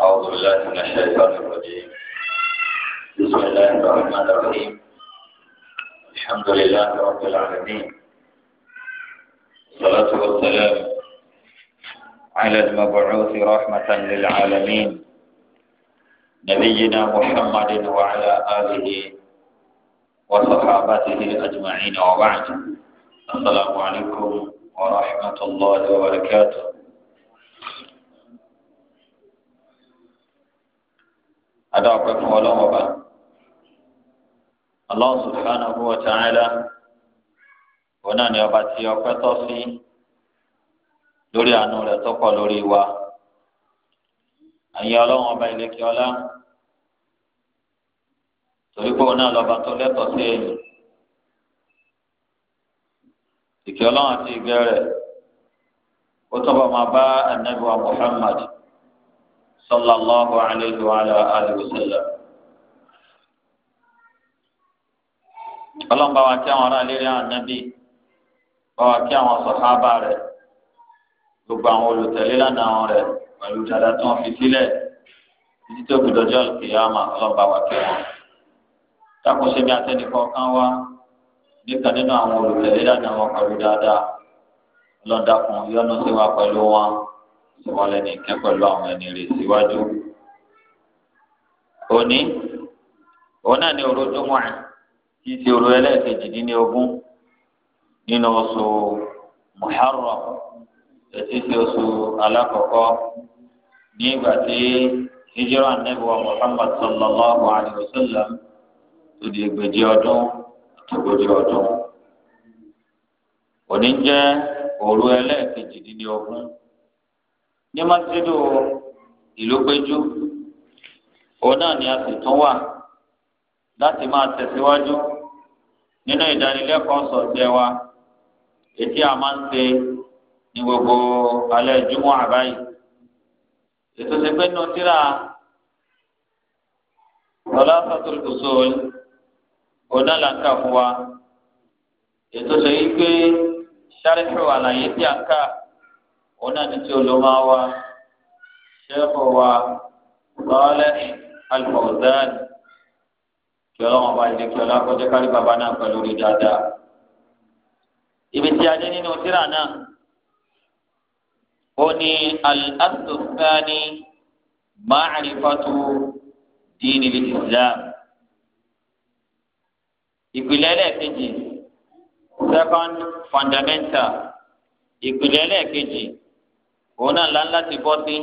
أعوذ بالله من الشيطان الرجيم بسم الله الرحمن الرحيم الحمد لله رب العالمين الصلاة والسلام على المبعوث رحمة للعالمين نبينا محمد وعلى آله وصحابته أجمعين وبعد السلام عليكم ورحمة الله وبركاته adá ọpẹ́ fún Ọlọ́run ọba Allah subhanahu wa ta'ala òun náà ni ọba tí ọpẹ́ tọ́ sí lórí àánú rẹ̀ tó pọ̀ lórí wa ọba ọlá torí pé òun náà lọba anabiwa Muhammad. صلى الله عليه وعلى آله وسلم ọlọ́run bá wa kí àwọn ará ilé rẹ̀ ànábì bá wa kí àwọn sọ̀hábà rẹ̀ gbogbo àwọn olùtẹ̀lé lánàá wọn rẹ̀ pẹ̀lú dáadáa tí wọ́n fi sílẹ̀ títí tó fi dọjọ́ ìkìyàmà ọlọ́run bá wa kí wọn. dákúnṣe bí atẹ́nìkan kan wá níkan nínú àwọn olùtẹ̀lé lánàá wọn pẹ̀lú dáadáa ọlọ́run dákun sí wa pẹ̀lú wọn sọmọlẹ nìkan pẹ̀lú àwọn ẹni rẹ̀ síwájú. òní òun náà ní òru júmọ̀ tí ti òru ẹlẹ́ẹ̀kejìdínlógún nínú oṣù Muharram ètí ti oṣù alákọ̀ọ́kọ́ ní tí hijira anabiwa Muhammad sallallahu alayhi wa sallam tó di ẹgbẹ̀je ọdún àtògbèjì ọdún. òní jẹ́ òru ẹlẹ́ẹ̀kejìdínlógún ní masjidu ìlú péjú òun náà ni a sì tún wà láti máa tẹ̀síwájú nínú ìdánilẹ́kọ̀ọ́ sọ̀tẹ́ wa ètí a máa ń ṣe ní gbogbo alẹ́ júmọ́ àbáyé ètò ìsèpẹ́ nù tíra lọ́lá sàtúrùkùsọ ọ̀nà làǹkà fún wa ètò ìsèpẹ́ sáré fún àlàyé tí a ń kà òun náà ní tí olómọ wa ṣẹ́fọ̀ wa lọ́ọ́lẹ́ alfọ̀zán kí ọlọ́run bá jẹ́ kí ọlọ́kọ́jẹ́ kárí bàbá náà pẹ̀lú rí dáadáa. ibi tí a dé nínú tírà náà ó ní al-asùnfáàní máàrífàtú dínì islam ìpìlẹ̀ ẹlẹ́ẹ̀kejì second fundamental ìpìlẹ̀ ẹlẹ́ẹ̀kejì òun náà ńlá láti bọ́ sí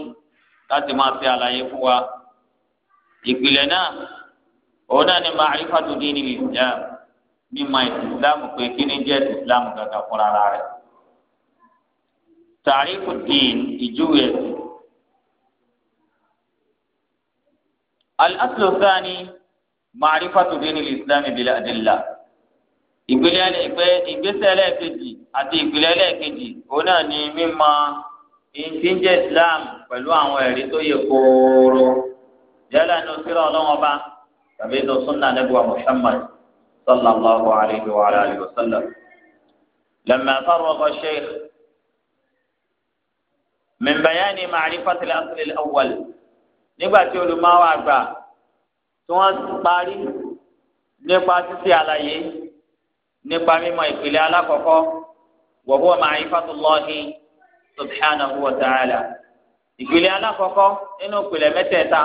láti máa fi àlàyé fún wa ìpìlẹ̀ náà òun náà ni ma'rifatu dinil islam mímọ̀ ìsìlámù pé kí ni jẹ́ ìsìlámù gàgà fúnra rẹ̀ tàríkù dín ìjúwe ẹ̀sìn. al-aslu thani ma'rifatu dinil islam bil adilla ìpìlẹ̀ ìgbésẹ̀ lẹ́ẹ̀kejì àti ìpìlẹ̀ lẹ́ẹ̀kejì òun náà ni mímọ̀ ìtìjẹ́ islam pẹ̀lú àwọn ẹ̀rí tó yẹ kóró yálà ní òsèré ọlọ́wọ́n bá tàbí ní sunna nebúwa muhammad sallallahu alayhi wa alayhi wa sallam. لما فرغ الشيخ من بيان معرفة الأصل الأول nígbà tí olùmọ̀wá àgbà tí wọ́n parí nípa ṣíṣe àlàyé nípa mímọ̀ ìpìlẹ̀ alákọ̀ọ́kọ́ wa huwa ma'rifatullahi subhanahu wa ta'ala ìpìlẹ̀ alákọ̀ọ́kọ́ nínú ìpìlẹ̀ mẹ́tẹ̀ẹ̀ta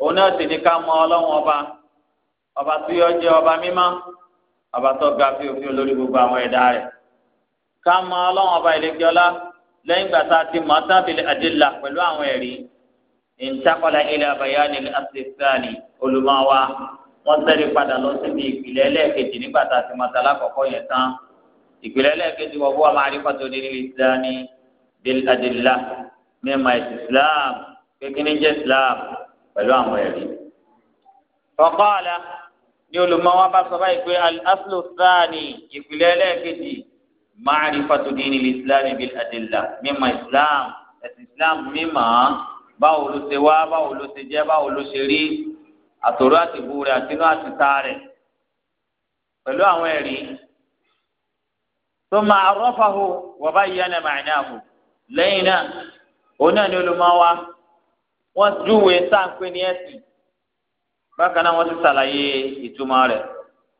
òun náà sì ní ká mọ ọlọ́run ọba ọba tí yọ jẹ́ ọba mímọ́ ọba tó ga fi òfin olórí gbogbo àwọn ẹ̀dá rẹ̀ ká mọ ọlọ́run ọba ìlẹ́gbẹ́ọ́lá lẹ́yìn ìgbà tá a ti mọ̀ tán bil adilla pẹ̀lú àwọn ẹ̀rí ìntakọ̀lá ila bayani al-asifani olùmọ̀wá wọ́n tẹ́lẹ̀ padà lọ síbi ìpìlẹ̀ ẹlẹ́ẹ̀kejì nígbà tá a ti mọ̀ bil adillah mẹ́ma ẹ̀sìn islam kékeré jẹ́ islam pẹ̀lú àwọn ẹ̀rí. faqala ni olùmọ̀wá bá sọ báyìí pé al-aslu thani ìpìlẹ̀ ẹlẹ́ẹ̀kejì ma'rifatu dinil islam bil adillah mẹ́ma islam ẹ̀sìn islam mẹ́ma báwo ló ṣe wá báwo ló ṣe jẹ́ báwo ló ṣe rí àtòrò àtìbú rẹ̀ àtinú àtìta rẹ̀ pẹ̀lú àwọn ẹ̀rí. thumma arrafahu wa bayyana lẹ́yìn náà òun náà ni olùmọ̀wá wọ́n júwe sáǹpé ní ẹ̀sìn bákan náà wọ́n ti ṣàlàyé ìtumọ̀ rẹ̀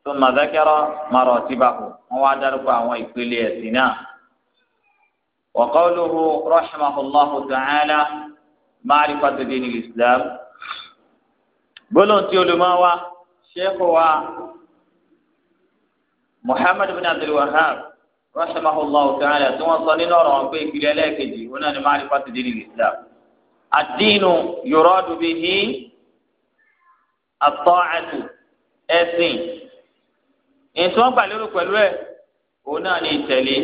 tó màzákẹ́rọ́ màrọ̀ tìbàkù wọ́n wá dárúkọ àwọn ìpele ẹ̀sìn náà. وقوله رحمه الله تعالى معرفة دين الإسلام بلون تيولماوا شيخوا محمد بن عبد الوهاب rahimahullah ta'ala tí wọ́n sọ nínú ọ̀rọ̀ wọn pé ìpìlẹ̀ ẹlẹ́ẹ̀kejì wọn náà ni ma'rifatu dinil islam ad-dinu yuradu bihi at-ta'atu ẹ̀sìn ètò wọn gbà lérò pẹ̀lú ẹ̀ òun náà ni ìtẹ̀lé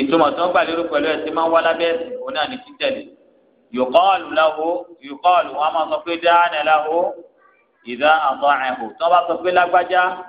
ìtumọ̀ tí wọ́n gbà lérò pẹ̀lú ẹ̀ tí máa ń wá lábẹ́ ẹ̀sìn òun náà ni títẹ̀lé yòkọ́ọ̀lù láwo yòkọ́ọ̀lù wọn máa sọ pé dáhánà láwo ìdá àtọ̀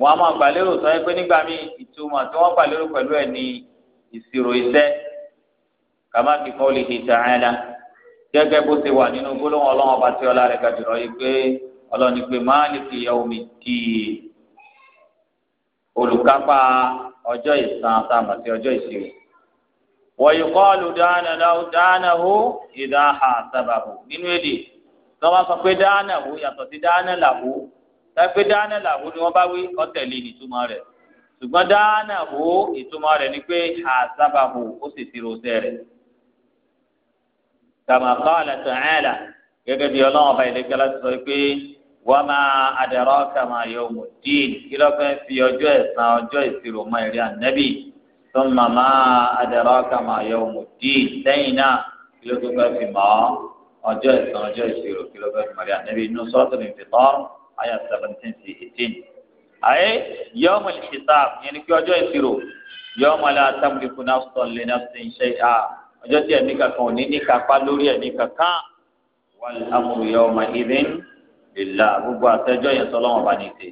wọn a máa gbàlérò sọ pé nígbà míì ìtumọ̀ tí wọ́n gbàlérò pẹ̀lú ẹ̀ ní ìṣirò iṣẹ́ kàmá kí kọ́ọ̀lì ìjà ẹ̀ la gẹ́gẹ́ bó ti wà nínú gbólóhùn ọlọ́run ọba tí ọlá rẹ̀ gàdúrà yìí pé ọlọ́ni pé máàlìkì yaomi dìí olùkápá ọjọ́ ìsan sáàmù àti ọjọ́ ìṣirò wọ̀nyí kọ́ọ̀lù dánáwó dánáwó ìdáhà sábàbò nínú èdè tí wọ́n bá sọ pé dánáwó yàtọ̀ sí dánáláwó tàbí dáná làwọn ni wọ́n bá wí ọ̀tẹ̀lẹ̀ nìtumọ̀ rẹ̀ ṣùgbọ́n dáná wo ìtumọ̀ rẹ̀ ni pé àzábàbò ó sì ti rosẹ́ rẹ̀. kama qala ta'ala gẹ́gẹ́ bí ọlọ́run ọba ilé gbẹ́lá sọ pé wa ma adraka ma yawmuddin kí ló fẹ́ fi ọjọ́ ẹ̀san ọjọ́ ìṣirò mọ ìrìn ànábì thumma ma adraka ma yawmuddin lẹ́yìn náà kí ló fẹ́ fi mọ́ ọjọ́ ẹ̀san ọjọ́ ìṣirò kí ló fẹ́ fi mọ ìrìn ànábì inú suratul Infitar àyà seventeen sí eighteen. àyè yọ́ọ̀mù ìṣìṣàb yẹn ni pé ọjọ́ ìṣirò yọ́ọ̀mù la tamliku nafsun li nafsin shay'a ọjọ́ tí ẹ̀mí kankan ò ní ní kápá lórí ẹ̀mí kankan wal amru yawma idhin lillah gbogbo àtẹjọ́ yẹn sọ lọ́wọ́ bá ní ṣe.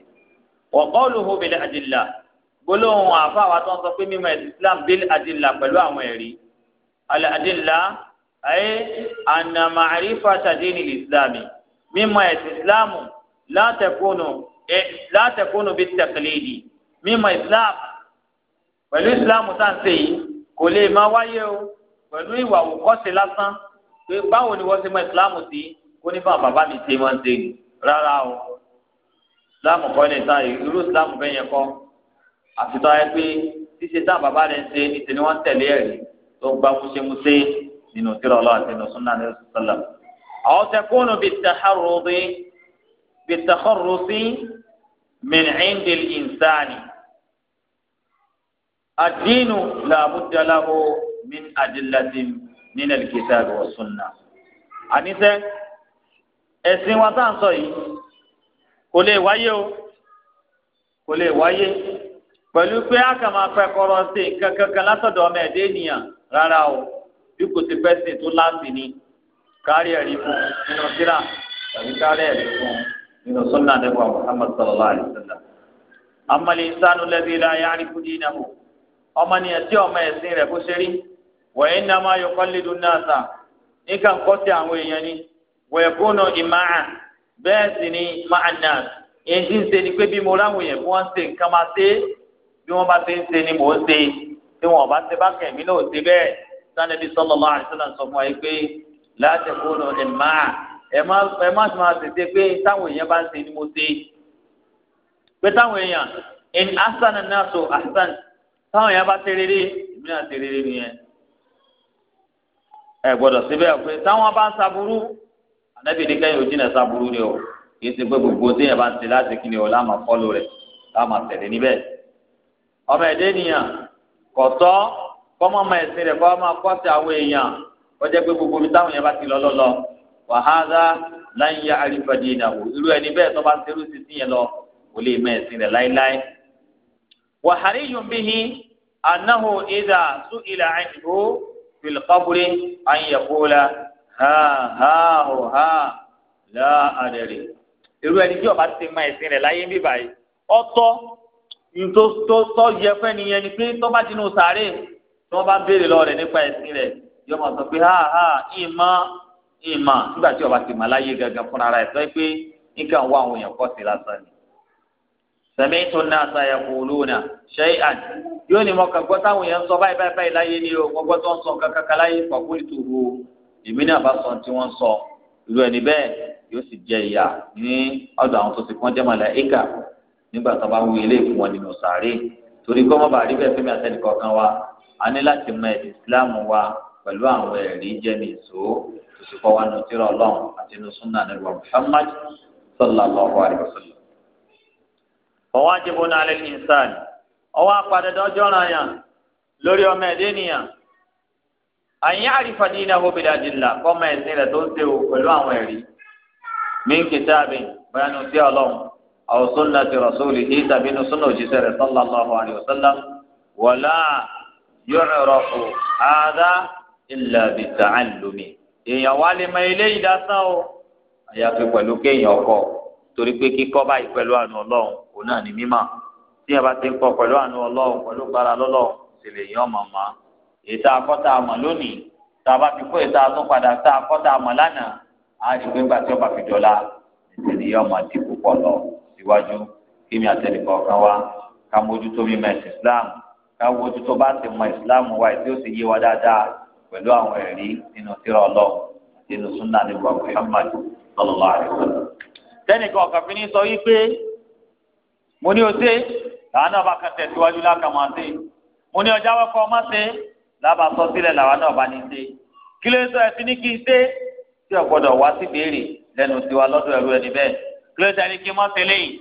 wa qawluhu bil adilla gbólóhùn àfa àwọn tó ń sọ pé mímọ̀ islam bil adilla pẹ̀lú àwọn ẹ̀rí al adilla ayé anamarifa tadini islami mímọ̀ ẹ̀sìn islamu látẹ̀kùnù ẹ látẹ̀kùnù bíi tẹ̀kìlìdì mímọ islam pẹ̀lú islam tá à ń ṣe yìí kò lè máa wáyé o pẹ̀lú ìwà òkọ́sí lásán pé báwo ni wọ́n ṣe mọ islam sí kó ní báwọn bàbá mi ṣe máa ń ṣe rárá o islam kọ́ ní sáà irú islam bẹ́ẹ̀ yẹn kọ́ àfitọ́ ayé pé ṣíṣe tá bàbá rẹ̀ ń ṣe níṣẹ́ ni wọ́n tẹ̀lé ẹ̀rí tó gba múṣemúṣe nínú tírọ̀lọ́ àti nínú súnà ní ọ̀sán sọ́lá. àwọn tẹkùnù bíi tẹ̀hárùn-ún bitakọrọsí min indil insani adiinu laabudalahu min adilatin min alkitaabi wa sunna àníṣe ẹ̀sìn wa tá à ń sọ yìí kò lè wáyé o kò lè wáyé pẹ̀lú pé a kà máa pẹ́ kọ́rọ́ sí kankankan látọ̀dọ̀ ọmọ o bí kò ti pẹ́ sìn tó láti ní kárí ẹ̀rí fún nínú síra tàbí nínú sunna ànábì wa muhammad sallallahu alayhi wa sallam amali insanu alladhi la ya'rifu dinahu ọmọ nìyẹn tí ọmọ ẹ̀sìn rẹ̀ kó ṣe rí wa innama yuqallidu an-nasa nìkan kọ́ sí àwọn èèyàn ni wa yakunu ìmáà bẹ́ẹ̀ sì ni máa nà èyí ń ṣe ni pé bí mo ráwọn èèyàn bí wọ́n ń ṣe nǹkan máa ṣe bí wọ́n bá ṣe ń ṣe ni mò ń ṣe tí wọ́n bá ṣe bá kẹ̀mí náà ṣe bẹ́ẹ̀ sanni bí sallallahu alaihi wasallam sọ fún wa yìí pé la takunu ìmáà ẹ má ẹ má sì máa tètè pé táwọn èèyàn bá ń ṣe ni mo ṣe pé táwọn èèyàn ẹni asan náà so asan táwọn èèyàn bá ṣe rere èmi náà ṣe rere nìyẹn ẹ gbọ́dọ̀ síbẹ̀ pé táwọn bá ń ṣaburú ànábì ní kẹ́yìn ojú náà ni o kì í ṣe pé gbogbo téèyàn bá ń ṣe láti kí ni o láàmà fọ́lù rẹ̀ láàmà tẹ̀lé níbẹ̀ ọmọ ẹ̀dẹ́ nìyàn kọ̀tọ́ kọ́mọ́ ọmọ ẹ̀sìn rẹ̀ kọ́ máa kọ́ àwọn èèyàn kọjá pé gbogbo omi táwọn èèyàn bá ti lọ lọ́lọ́ wàhálà láyé àrífàdé ìnáwó irú ẹni bẹ́ẹ̀ tó bá ń serú sí sí yẹn lọ kò lè mẹ́ ẹ̀sìn rẹ̀ láéláé. wàhálì yunbihi anahu idà sún ilà àyìnbó filikaburi àyìnbóla ha ha ho ha láàdẹ̀rẹ̀. irú ẹni tí ó bá ti mẹ́ ẹ̀sìn rẹ̀ láyé ń bíbáyìí ọ̀tọ̀ tó yẹ fẹ́ nìyẹn ni pé tó bá ti nù sáré bá béèrè lọ rẹ̀ nípa ẹ̀sìn rẹ̀ yọ sọ pé ha ìmọ̀ ìmọ̀ nígbà tí ọba ti mọ̀ láyé gangan fúnra rẹ̀ sọ pé nígbà wọ àwọn èèyàn kọ́ sí lásán ni. sẹ̀mí tó ná àtàyà kò lóna ṣe é àdì yóò ní mọ̀ kàgbọ́ táwọn èèyàn sọ báyìí báyìí láyé ni o gbọ́gbọ́ tó ń sọ kankan láyé pàkúrì tó hu èmi náà bá sọ tí wọ́n sọ irú ẹni bẹ́ẹ̀ yóò sì jẹ ìyà ní ọ̀dọ̀ àwọn tó ti pọ́n jẹ́ màláíkà nígbà tó bá wú ilé ìfún wọn nínú sàárè torí kọ́ mọ́ bàrí bẹ́ẹ̀ fẹ́mi àtẹnìkọ̀ọ̀kan wa a ní láti mọ ìsìláàmù wa pẹ̀lú àwọn ẹ̀rí jẹ́mi ìṣó sì kọ́ wa nù tírà ọlọ́run àti nù súnà nígbà Muhammad sallallahu alayhi wa sallam. ọwọ́ àjẹbọ́n náà lè ní sáà ni ọwọ́ àpàdé dọ́jọ́ ra yàn lórí ọmọ ẹ̀dẹ́ nìyàn àyìn àrífà ní iná hóbi dàdìlà kọ́mọ ẹ̀sìn rẹ̀ tó ń tẹ̀wò pẹ̀lú àwọn ẹ̀rí min kitabin bóyá nù tírà ọlọ́run aw sunnati rasulihi tàbí nu sunna òjíṣẹ́ rẹ̀ sallallahu alayhi wa sallam wala yu'rafu hadha illa bi ta'allumi èèyàn wá lè mọ eléyìí lásán o àyàfi pẹ̀lú kéèyàn kọ́ torí pé kíkọ́ báyìí pẹ̀lú àánú ọlọ́run òun náà ni mímọ̀ tí yẹn bá ti ń kọ́ pẹ̀lú àánú ọlọ́run pẹ̀lú gbára lọ́lọ́run sì lè yàn màmá ètò akọ́tà àmọ̀ lónìí tá a bá fi kó ètò àtúnpadà tá akọ́tà àmọ̀ lánàá á rí pé ńgbà tí ọba fi dọ́là ìṣẹ̀lẹ̀ yọ ọmọ àti púpọ̀ lọ síwájú kí mi àtẹnìkọ̀ kan wá ká mójútó mímọ̀ ẹ̀sìn ká mójútó bá ti mọ Islam wa ètò pẹ̀lú àwọn ẹ̀rí nínú tírà ọlọ́run nínú súnà nígbà Muhammad sallallahu alaihi wasallam. tẹ́nìkan ọ̀kan fi ní sọ wípé mo ní o ṣe làwọn náà bá kan tẹ̀síwájú lákàmọ́ àti mo ní ọjà wọ́pọ̀ ọmọ ṣe lábàá sọ sílẹ̀ làwọn náà bá ní ṣe kí ló sọ ẹ̀sìn ní kí n ṣe tí ọ̀gbọ́dọ̀ wá sí béèrè lẹ́nu tiwa lọ́dọ̀ ẹ̀rú ẹni bẹ́ẹ̀ kí ló sọ ẹni kí n mọ́ tẹ́lẹ̀ yìí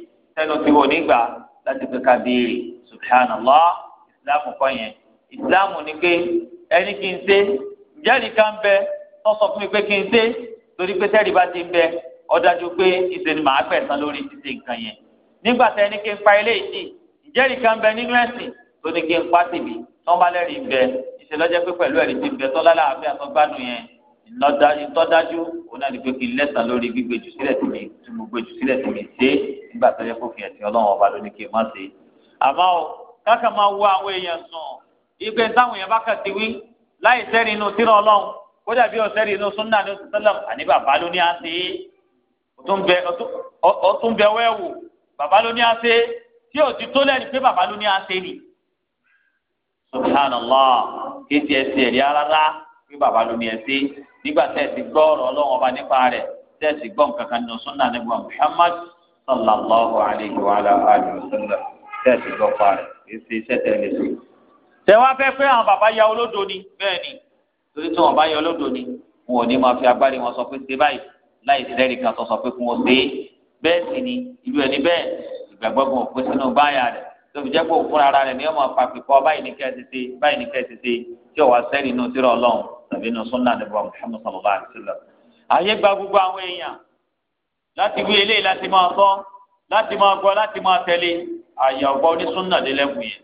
ẹni kì í ṣe jẹ́rìí kan bẹ wọ́n sọ fún mi pé kì í ṣe torí pé tẹ́rì bá ti ń bẹ ọ̀dájú pé ìṣèlú màá gbẹ̀sán lórí ṣíṣe nǹkan yẹn nígbà tẹ́ ẹni kí n pa ilé yìí ìjẹ́rìí kan bẹ nínú ẹ̀sìn tó ní kí n pa tìbí tọ́ bá lẹ́rìí ń bẹ ìṣèlọ́jẹ́ pé pẹ̀lú ẹ̀rí ti ń bẹ tọ́lá láàfin àtọ́gbádùn yẹn ìtọ́dájú òun náà ni pé kí n lẹ́sàn lórí gbígbèjù sílẹ̀ tì mí tí mo gbèjù sílẹ̀ tì mí ṣe nígbà tó yẹ kó fi ẹ̀sìn ọlọ́run ọba lóní kí n má ìgbẹ́ táwọn yẹn bá kà sí wí láì sẹ́rí inú tírà ọlọ́run kódà bí ọ̀sẹ́rí inú súnà ní oṣù sẹ́lẹ̀m àní bàbá ló ní à ń ṣe é ọtún bẹ wẹ́wò bàbá ló ní à ń ṣe é tí ò ti tó lẹ́nu pé bàbá ló ní à ń ṣe ni. subhanallah kí ti ẹ ṣe ẹ̀rí rárá pé bàbá ló ní ẹ ṣe nígbà tẹ́ ẹ ti gbọ́ ọ̀rọ̀ ọlọ́run ọba nípa rẹ̀ tẹ́ ẹ ti gbọ́ nǹkan kan nínú súnà nígbà Muhammad sallallahu alayhi wa alihi wa sallam tẹ́ tẹ̀wá fẹ́ pé àwọn bàbá ya olódo ni bẹ́ẹ̀ ni torí tí wọn bá ya olódo ni wọn ò ní máa fi agbárí wọn sọ pé ṣe báyìí láì sí lẹ́rìí kan sọ sọ pé fún wọn ṣe é bẹ́ẹ̀ sì ni ìlú ẹni bẹ́ẹ̀ ìgbàgbọ́ òpin sínú báyà rẹ̀ tóbi jẹ́ pé òfúnra ara rẹ̀ ni ọmọ pàpì kọ́ báyìí ní kẹ́ ẹ ti ṣe báyìí ní kẹ́ ẹ ti ṣe tí ọ̀wá sẹ́rì inú tírà ọlọ́run tàbí inú súnà níbo Muhammad sallallahu alaihi wasallam. àyè gba gbogbo àwọn èèyàn láti wí eléyìí láti máa sọ láti máa gbọ́ láti máa tẹ̀lé àyà ọ̀gbọ́n onísúnà lélẹ́kùn yẹn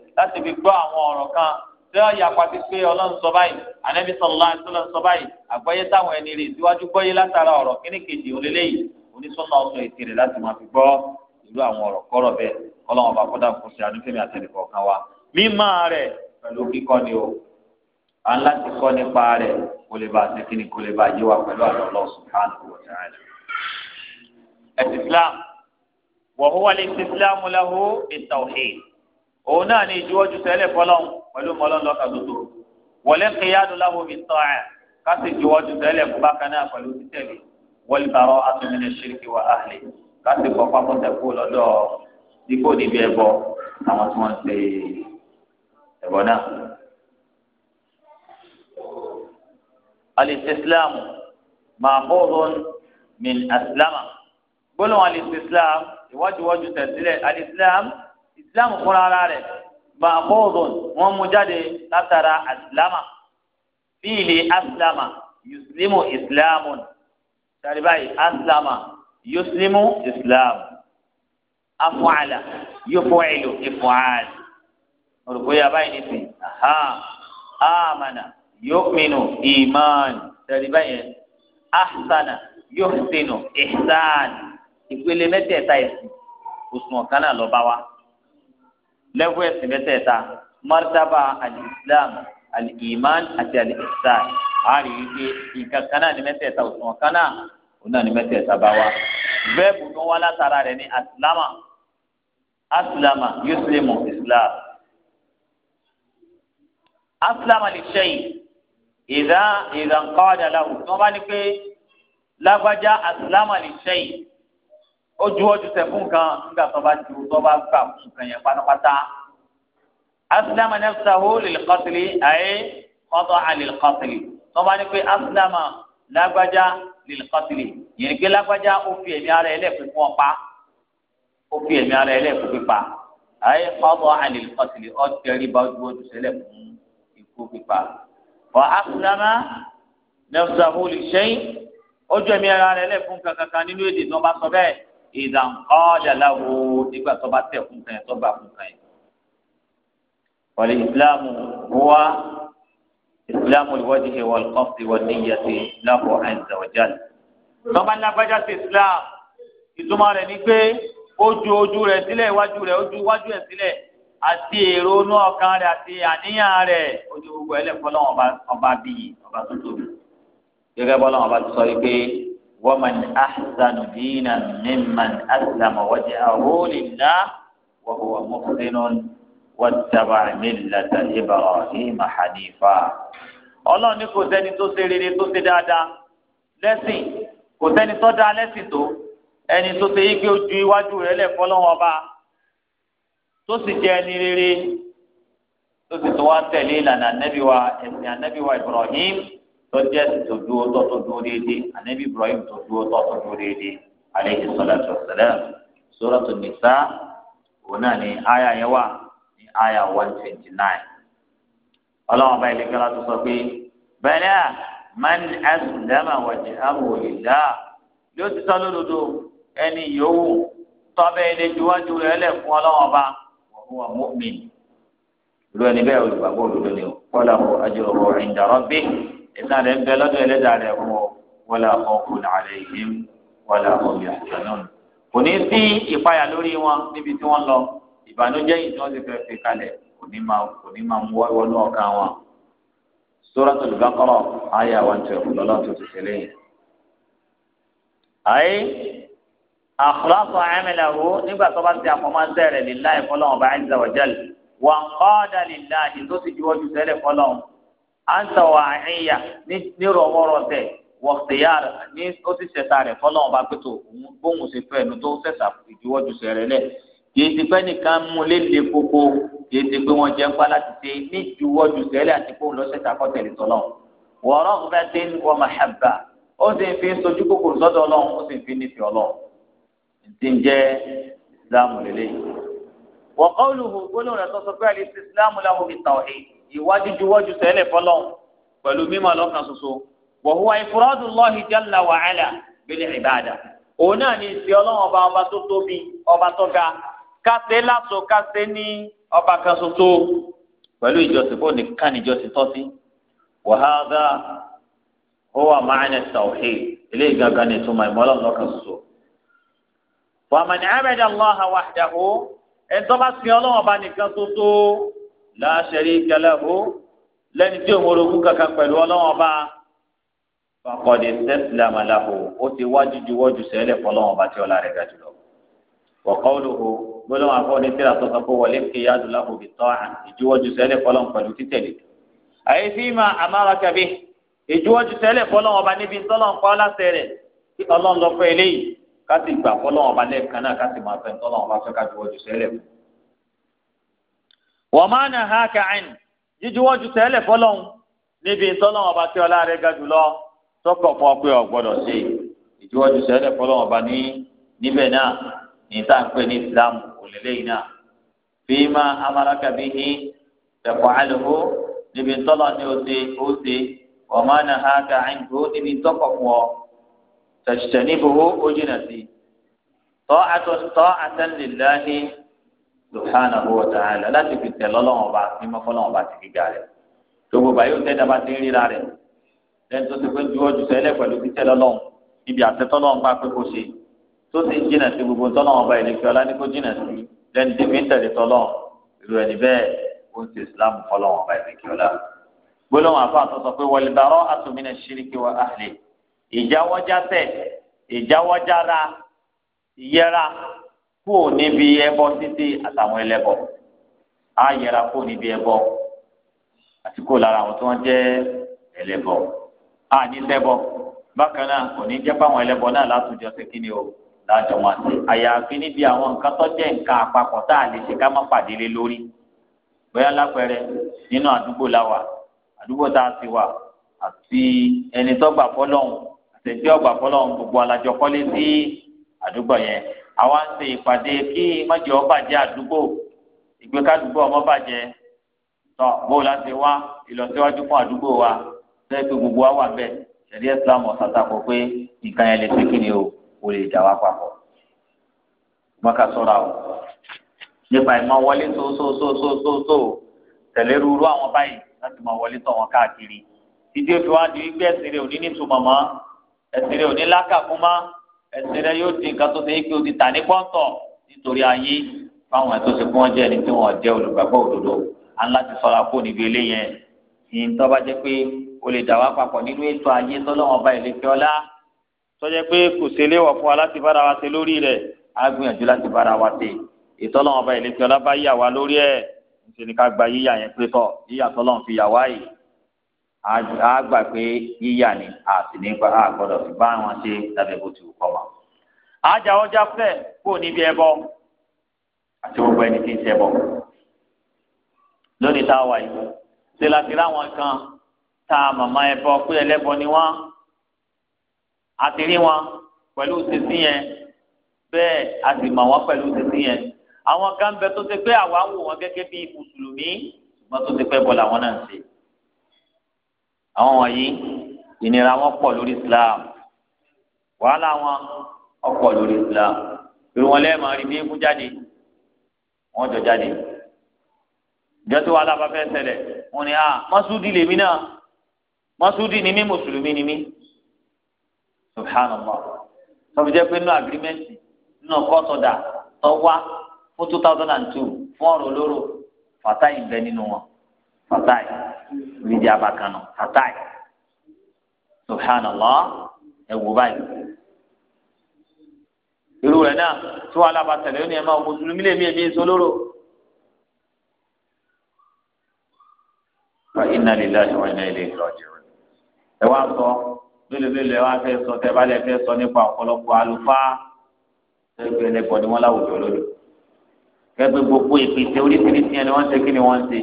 láti fi gbọ́ àwọn ọ̀rọ̀ kan tí wọ́n yà pàtí pé ọlọ́run sọ báyìí ànábì sallallahu alaihi wasallam sọ báyìí àgbọ́yé táwọn ẹni rè síwájú gbọ́yé látara ọ̀rọ̀ kíní kejì òlélẹ́yìí onísọ́nà ọ̀sọ̀ ètè rẹ̀ láti máa fi gbọ́ ìlú àwọn ọ̀rọ̀ kọ́rọ̀ bẹ́ẹ̀ ọlọ́run bá kọ́dà kó ṣe àdúfẹ́mi àtẹnìkọ̀ kan wa mímọ́ rẹ̀ pẹ̀lú kíkọ́ ni o à ń láti kọ́ nípa rẹ̀ kó lè bá ṣe kíni kó lè bá yé wa pẹ̀lú àlọ́ òun náà ní ìjuwọ́jú sẹ́lẹ̀ fọlọ́n pẹ̀lú mọ́lọ́n lọ́ka tuntun wọlé ń kéyàdó láwọn omi tọ́ ẹ̀ ká sì juwọ́jú sẹ́lẹ̀ fún bákan náà pẹ̀lú títẹ̀lé wọlé bàrọ̀ atúmìnà ṣíríkì wà áhìlì ká sì kọ́ pápọ̀ tẹ̀kú lọ́dọ̀ dípò níbi ẹ̀bọ àwọn tí wọ́n ṣe ẹ̀bọ náà. alìsísílámù màmúrún min àsìlámà gbólóhùn alìsísílámù ìwádìí wọ́jú tẹ̀sílẹ̀ alìsísílámù islam fúnra ara rẹ̀ bàbóòdùn wọ́n mú jáde látara asilama fíìlì asilama yuslimu islamun tàbí báyìí asilama yuslimu islam afuala yufuilu ifual olùkóyè abáyìí nìsí amana yu'minu iman tàbí báyìí ahsana yuhsinu ihsan ìpele mẹ́tẹ̀ẹ̀ta ẹ̀sìn òsùn ọ̀kan náà lọ́ba wa lẹ́wọ́ ẹ̀sìn mẹ́tẹ̀ẹ̀ta martaba al-islam al-iman àti al-ihsan àárín wípé nǹkan kan náà ní mẹ́tẹ̀ẹ̀ta òṣùwọ̀n kan náà òun náà ní mẹ́tẹ̀ẹ̀ta bá wa bẹ́ẹ̀bù tó wá látara rẹ̀ ní asilama asilama yuslimu islam asilama lè ṣe ìdá ìdá nǹkan ọ̀dà làwù wọ́n bá ní pé lágbájá asilama lè ṣe ó ju ọjọ́ sẹ́fún kan nígbà tó bá ju tó bá gbà fún nǹkan yẹn pátápátá. asilama nafsahu lil qatli ayé kọ́tọ́ alil qatli tó bá ní pé asilama lágbájá lil qatli yẹn gbé lágbájá ó fi ẹ̀mí ara ẹlẹ́ẹ̀kú fún ọ pa ó fi ẹ̀mí ara ẹlẹ́ẹ̀kú pípa ayé kọ́tọ́ alil qatli ó tẹ̀rí bá ju ọjọ́ sẹ́lẹ̀ ikú pípa. wà asilama nafsahu lil shay ó ju ẹ̀mí ara ẹlẹ́ẹ̀kú kankan nínú èdè tó bá sọ bẹ́ẹ̀ ìdànkọ́jà láwo nígbà tó bá tẹ̀ fún kan yẹn tó gbà fún kan yẹn. wàlẹ̀ ìsìláàmù wá ìsìláàmù ìwọ́dìhì wal qasdi wan niyyati lahu azza wa jalla. tọ́ba lágbájá sí islam ìtumọ̀ rẹ̀ ni pé ó ju ojú rẹ̀ sílẹ̀ iwájú rẹ̀ ó ju iwájú rẹ̀ sílẹ̀ àti èrò inú ọkàn rẹ̀ àti àníyàn rẹ̀ ó gbogbo ẹlẹ́fọ́ lọ́wọ́ ọba bíyì ọba tó tóbi gẹ́gẹ́ bọ́lá ومن أحسن دينا ممن أسلم وجهه لله وهو محسن واتبع ملة إبراهيم حنيفا Ọlọ́run ní kò sẹ́ni tó ṣe rere tó ṣe dáadáa lẹ́sìn kò sẹ́ni tó dáa lẹ́sìn tó ẹni tó ṣe yíké ojú iwájú rẹ̀ lẹfọ lọ́wọ́ ọba tó sì jẹ ẹni rere tó sì tó wá tẹ̀lé ìlànà ànábìwa ẹ̀sìn ànábìwa Ibrahim tọ́jẹ́ tó dúró tọ́ tó dúró déédéé ànábì Ibrahim tó dúró tọ́ tó dúró déédéé aleyhi salatu wa salam suratu nisa òun náà ní aya yẹn wà ní aya one twenty nine ọlọ́run bá ilé kẹ́lá tó sọ pé bẹ́ẹ̀ man aslama wajhahu lillah yóò ti sọ lódodo ẹni yòówù tọ́bẹ̀ ilé juwájú rẹ̀ lẹ̀ fún ọlọ́run ọba wọ́n wà mu'min lónìí bẹ́ẹ̀ olùgbàgbọ́ òdodo ni kọ́lá ajruhu inda rabbih ìta rẹ̀ ń bẹ lọ́dọ̀ ẹlẹ́dàá rẹ̀ wọ̀ wọlé ọkọ̀ nàlẹ́ yìí wọlé ọkọ̀ yàtọ̀ náà. kò ní sí ìpayà lórí wọn níbi tí wọ́n lọ ìbànújẹ́ yìí tí wọ́n ti fẹ́ fi kalẹ̀ kò ní máa mú wọnú ọkàn wọn. Suratul Baqara àyà wọn tó ẹ̀kú lọ́lọ́ tó ti tẹ̀lé yìí. àyè àkùrọ̀sọ̀ ẹ̀mẹ̀lẹ̀wò nígbà tó bá ti àpamọ́ sẹ́rẹ̀ lílá ìfọlọ́wọn bá àǹtà wà àyíyá ní rọwọ́rọsẹ̀ wọ̀tẹ̀yàrá ní ó ti ṣẹ̀ta rẹ̀ fọlọ́wọ́n bá pé tó bóun ṣe fẹ́ ẹnu tó ṣẹ̀ṣà ìdíwọ́jú sẹ̀rẹ̀ lẹ̀ kì í ti pẹ́ nìkan mú léle koko kì í ti pé wọ́n jẹ́ ńpá láti ṣe ní ìdíwọ́jú sẹ̀rẹ̀ àti pé òun lọ ṣẹ̀ṣà kọ́ tẹ̀lé tọ́lọ́ wọ̀ọ́rọ́ ń fẹ́ dín wọ́n máa ṣàbà ó sì fi ń sojú kòkòrò sọ́dọ̀ ọlọ́run ó fi nífẹ̀ẹ́ ọlọ́run ti ń jẹ́ ìsìlámù lélẹ́yìn wọ̀kọ́ olùhùn gbólóhùn rẹ̀ tó sọ pé àlè ti ìsìlámù ìwájú juwọ́jú sẹ́lẹ̀ fọlọ́ pẹ̀lú mímọ́ lọ́kàn ṣoṣo wa huwa ifradullahi jalla wa ala bil ibada òun náà ní ìsìn ọlọ́run ọba ọba tó tóbi ọba tó ga kásẹ̀ láṣọ kásẹ̀ ní ọba kan ṣoṣo pẹ̀lú ìjọsìn fún nìkan níjọsìn tọ́sí wa hadha huwa ma'na tawhid eléyìí gangan ní ìtumọ̀ ìmọ̀lọ́run lọ́kàn ṣoṣo. wa man abada Allaha wahdahu ẹ̀ńtọ́ bá la sharika lahu lẹ́ni tí òun orogún kankan pẹ̀lú ọlọ́run ọba faqad istaslama lahu ó ti wájú ju wọ́jú sẹ́lẹ̀ fọlọ́run ọba tí ọlá rẹ̀ ga jùlọ. wa qawluhu gbólóhùn afọ́ni tí a sọ̀tọ̀ fún wọlé kí yá dùn láhùn bìtọ́ ìjúwọ́jú sẹ́lẹ̀ fọlọ́run pẹ̀lú títẹ̀lé. àyè fíìmà amáraka bih ìjúwọ́jú sẹ́lẹ̀ fọlọ́run ọba níbi tọ́lọ́run pa láṣẹ rẹ̀ kí ọlọ́run lọ fẹ́ eléyìí ká gbà fọlọ́run ọba lẹ́ẹ̀kan náà wọ́n máa nà ha kàáìn jíjúwọ́ ju tẹ́lẹ̀ fọlọ́hún níbi ìtọ́lọ́wọ́n ọba tí ọlá rẹ̀ ga jùlọ tọkọ̀ fún ọ pé ọ gbọ́dọ̀ sí ìjúwọ́ ju tẹ́lẹ̀ fọlọ́hún ọba ní níbẹ̀ náà ní tá ní Islam òlélẹ́yìn náà fi máa amaraka bí ní tẹ̀kọ̀ àlùkò níbi ìtọ́lọ́ ni ó ṣe wọ́n máa nà ha kàáìn tó níbi ìtọ́kọ̀ fún ọ tẹ̀sítẹ̀ níbo ó jìnà sí tọ́ àtọ́ subhanahu wa ta'ala láti fi tẹ̀ lọ́lọ́wọ́n ọba mímọ́ fọlọ́wọ́n ọba ti gíga rẹ̀ gbogbo bàyọ̀ tẹ́jà bá ti ń ríra rẹ̀ lẹ́nu tó ti pé ju ọjọ́ sẹ́lẹ̀ pẹ̀lú ti tẹ̀ lọ́lọ́wọ́n ibi àtẹ́tọ́lọ́wọ́n bá pé kó ṣe tó ti ń jìnà sí gbogbo tọ́lọ́wọ́n ọba ìlẹ́fẹ́ ọlá jìnà sí lẹ́nu tí fi ń tẹ̀lé tọ́lọ́wọ́n irú ẹni bẹ́ẹ̀ ó ń ṣe islam fọlọ́wọ́n ọba ìlẹ́fẹ́ ọlá gbólóhùn àfa àtọ́sọ pé wọlébàárọ̀ àtòmínà ṣíríkì wa àhlẹ̀ ìjáwọ́jásẹ̀ ìjáwọ́jára ìyẹra kúò níbi ẹbọ títí àtàwọn ẹlẹ́bọ á yẹra kúò níbi ẹbọ àti kúò lára àwọn tí wọ́n jẹ́ ẹlẹ́bọ á ní ṣẹbọ bákan náà kò ní jẹ́ fáwọn ẹlẹ́bọ náà látòjọ sí kíni o lájọ máa ṣe àyàfi níbi àwọn nǹkan tó jẹ́ nǹkan àpapọ̀ tá a lè ṣe ká má pàdé lé lórí bóyá lápẹẹrẹ nínú àdúgbò la àdúgbò tá a ti wà àti ẹni tó gbà fọlọ́hún àtẹ̀jọ́ gbà fọlọ́hún gbogbo alájọ sí àdúgbò yẹn àwa ń ṣe ìpàdé kí mọ́jọ́ bàjẹ́ àdúgbò ìgbékàdúgbò ọmọ bàjẹ́ tọ́ bóun láti wá ìlọsíwájú fún àdúgbò wa sẹ́yìn pé gbogbo wa wà bẹ́ẹ̀ ṣẹ̀rí islam ọ̀sàtà kọ pé nǹkan yẹn lè ṣe kí ni o kò lè jà wá papọ̀ mọ́ká sọ́ra o nípa ìmọ̀ wọlé sóòsóòsóòsóòsó tẹ̀lé rúurú àwọn báyìí láti mọ̀ wọlé tọ̀ wọn káàkiri ìdí òfin wa di wípé ẹ̀sìn rẹ̀ ò ní nítumọ̀ mọ́ ẹ̀sìn rẹ̀ ò ní ẹsẹ̀ rẹ yóò di nǹkan tó ṣe é pé o ti tà ní pọ́ńtọ̀ nítorí ayé fáwọn ẹ̀tọ́ ṣe fún ọjọ́ ẹni tí wọ́n jẹ́ olùgbàgbọ́ òdodo aláti sọ̀rọ̀ àpò níbi ilé yẹn ìyìn tó bá jẹ́ pé o lè dà wá papọ̀ nínú ètò ayé tọ́lọ́wọ́n bá ilé fi ọlá tó jẹ́ pé kò ṣe léwọ̀ fún wa láti bára wa ṣe lórí rẹ̀ á gbìyànjú láti bára wa ṣe ìtọ́lọ́wọ́n bá ilé fi ọlá bá yà wá lórí ẹ̀ níṣẹ́ a gbà pé yíyà ni a sì ní a gbọdọ̀ fi bá wọn ṣe lábẹ́ bó ti wù kọ́ wọn. àjà ọjà fẹ́ kó níbi ẹbọ àti gbogbo ẹni tí ń ṣẹbọ. lónìí tá a wà yìí ṣe láti ráwọn kan tá a màmá ẹbọ pé ẹlẹ́bọ ni wọ́n a ti rí wọn pẹ̀lú sísí yẹn bẹ́ẹ̀ a sì mọ̀ wọ́n pẹ̀lú sísí yẹn. àwọn kan bẹ tó ṣe pé àwa ń wò wọn gẹ́gẹ́ bí mùsùlùmí ṣùgbọ́n tó ṣe pẹ́ bọ̀ làwọn náà ṣe àwọn wọ̀nyí ìnira wọn pọ̀ lórí islam wàhálà wọn ọ̀pọ̀ lórí islam pé wọn lẹ́ẹ̀ máa rí bí eégún jáde wọn jọ jáde ìjọ tí wàhálà bá fẹ́ ṣẹlẹ̀ wọn ni ah masudi lèmi náà masudi ni mí mùsùlùmí ni mí subhanallah sọfún jẹ́ pé nínú agirimẹ́ǹtì nínú kọ́tọ̀dà tọ́wá fún two thousand and two fún ọ̀rọ̀ olóró fatai ń bẹ nínú wọn fatai níbi abakanà àtàì subhanallah ẹ wò báyìí irú rẹ̀ náà tí wọn alábàtàlẹ ó ní ẹ máa wo mùsùlùmí lèmi èmi èso lóró. fa inna lillahi wa inna ilayhi raji'un ẹ wá sọ mélòmélò ẹ wá fẹ́ sọ tẹ bá lẹ fẹ́ sọ nípa ọ̀pọ̀lọpọ̀ àlùfáà ẹgbẹ́ ẹlẹ́bọ ni wọn láwùjọ lónìí kẹgbẹ gbogbo ìpèsè oríṣiríṣi ẹni wọn ń ṣe kí ni wọn ń ṣe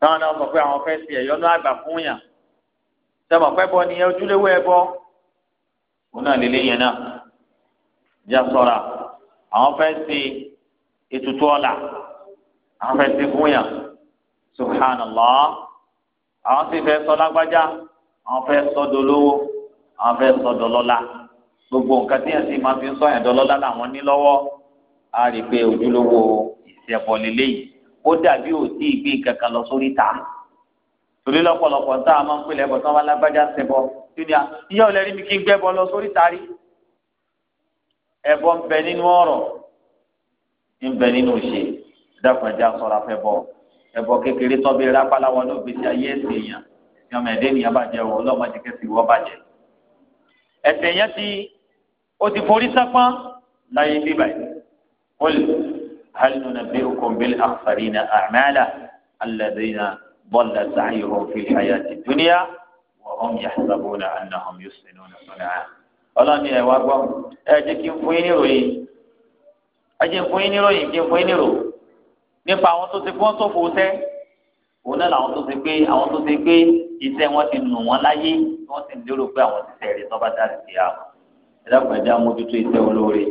táwọn náà mọ̀ pé àwọn fẹ́ ṣe ẹ̀yọ́nú àgbà fún yàn sọmọ pẹ́ bọ́ nìyẹn ojúlówó ẹ bọ́ òun náà lè léyìn náà já sọ̀ra àwọn fẹ́ ṣe ètùtù ọ̀la àwọn fẹ́ ṣe fún yàn subhanallah àwọn sì fẹ́ sọ lágbájá àwọn fẹ́ sọ dolówó àwọn fẹ́ sọ dọlọ́lá gbogbo nǹkan tí yẹn sì máa fi ń sọ yẹn dọlọ́lá làwọn ní lọ́wọ́ á rí i pé ojúlówó ìṣẹ̀bọ̀ lélẹ́yìí ó dàbí òtí ìgbé kankan lọ sórí ta torí lọ́pọ̀lọpọ̀ tá a máa ń pèlè ẹbọ tán wá lágbájá ṣẹbọ júnior ìyá ò lẹrí mi kí n gbẹbọ lọ sórí taari ẹbọ ń bẹ nínú ọ̀rọ̀ ń bẹ nínú òṣè dákun ẹjẹ asọra fẹ bọ ẹbọ kékeré tọ́ bí rápálá wọn ló gbèsè ayé ẹsẹ̀ èèyàn ìyọmọ ẹ̀dẹ́ nìyẹn bàjẹ́ wọ ọlọ́mọdé kẹsì wọ́ bàjẹ́ ẹsẹ̀ yẹn ti ó ti forí sápọ́n láyé bíbáyìí هل ننبئكم بالأخسرين أعمالا الذين ضل سعيهم في الحياة الدنيا وهم يحسبون أنهم يحسنون صنعا ọlọ́ni ẹ̀ wá gbọ́ ẹ jẹ́ kí n fún yín níròyìn ẹ jẹ́ fún yín níròyìn kí n fún yín nírò nípa àwọn tó ti fún sófò tẹ́ òun náà làwọn tó ti pé àwọn tó ti pé iṣẹ́ wọn ti nù wọ́n láyé wọ́n sì lérò pé àwọn ti tẹ̀lé tọ́ba dá sí i àwọn ẹ̀dá pẹ̀lú àmójútó iṣẹ́ olóore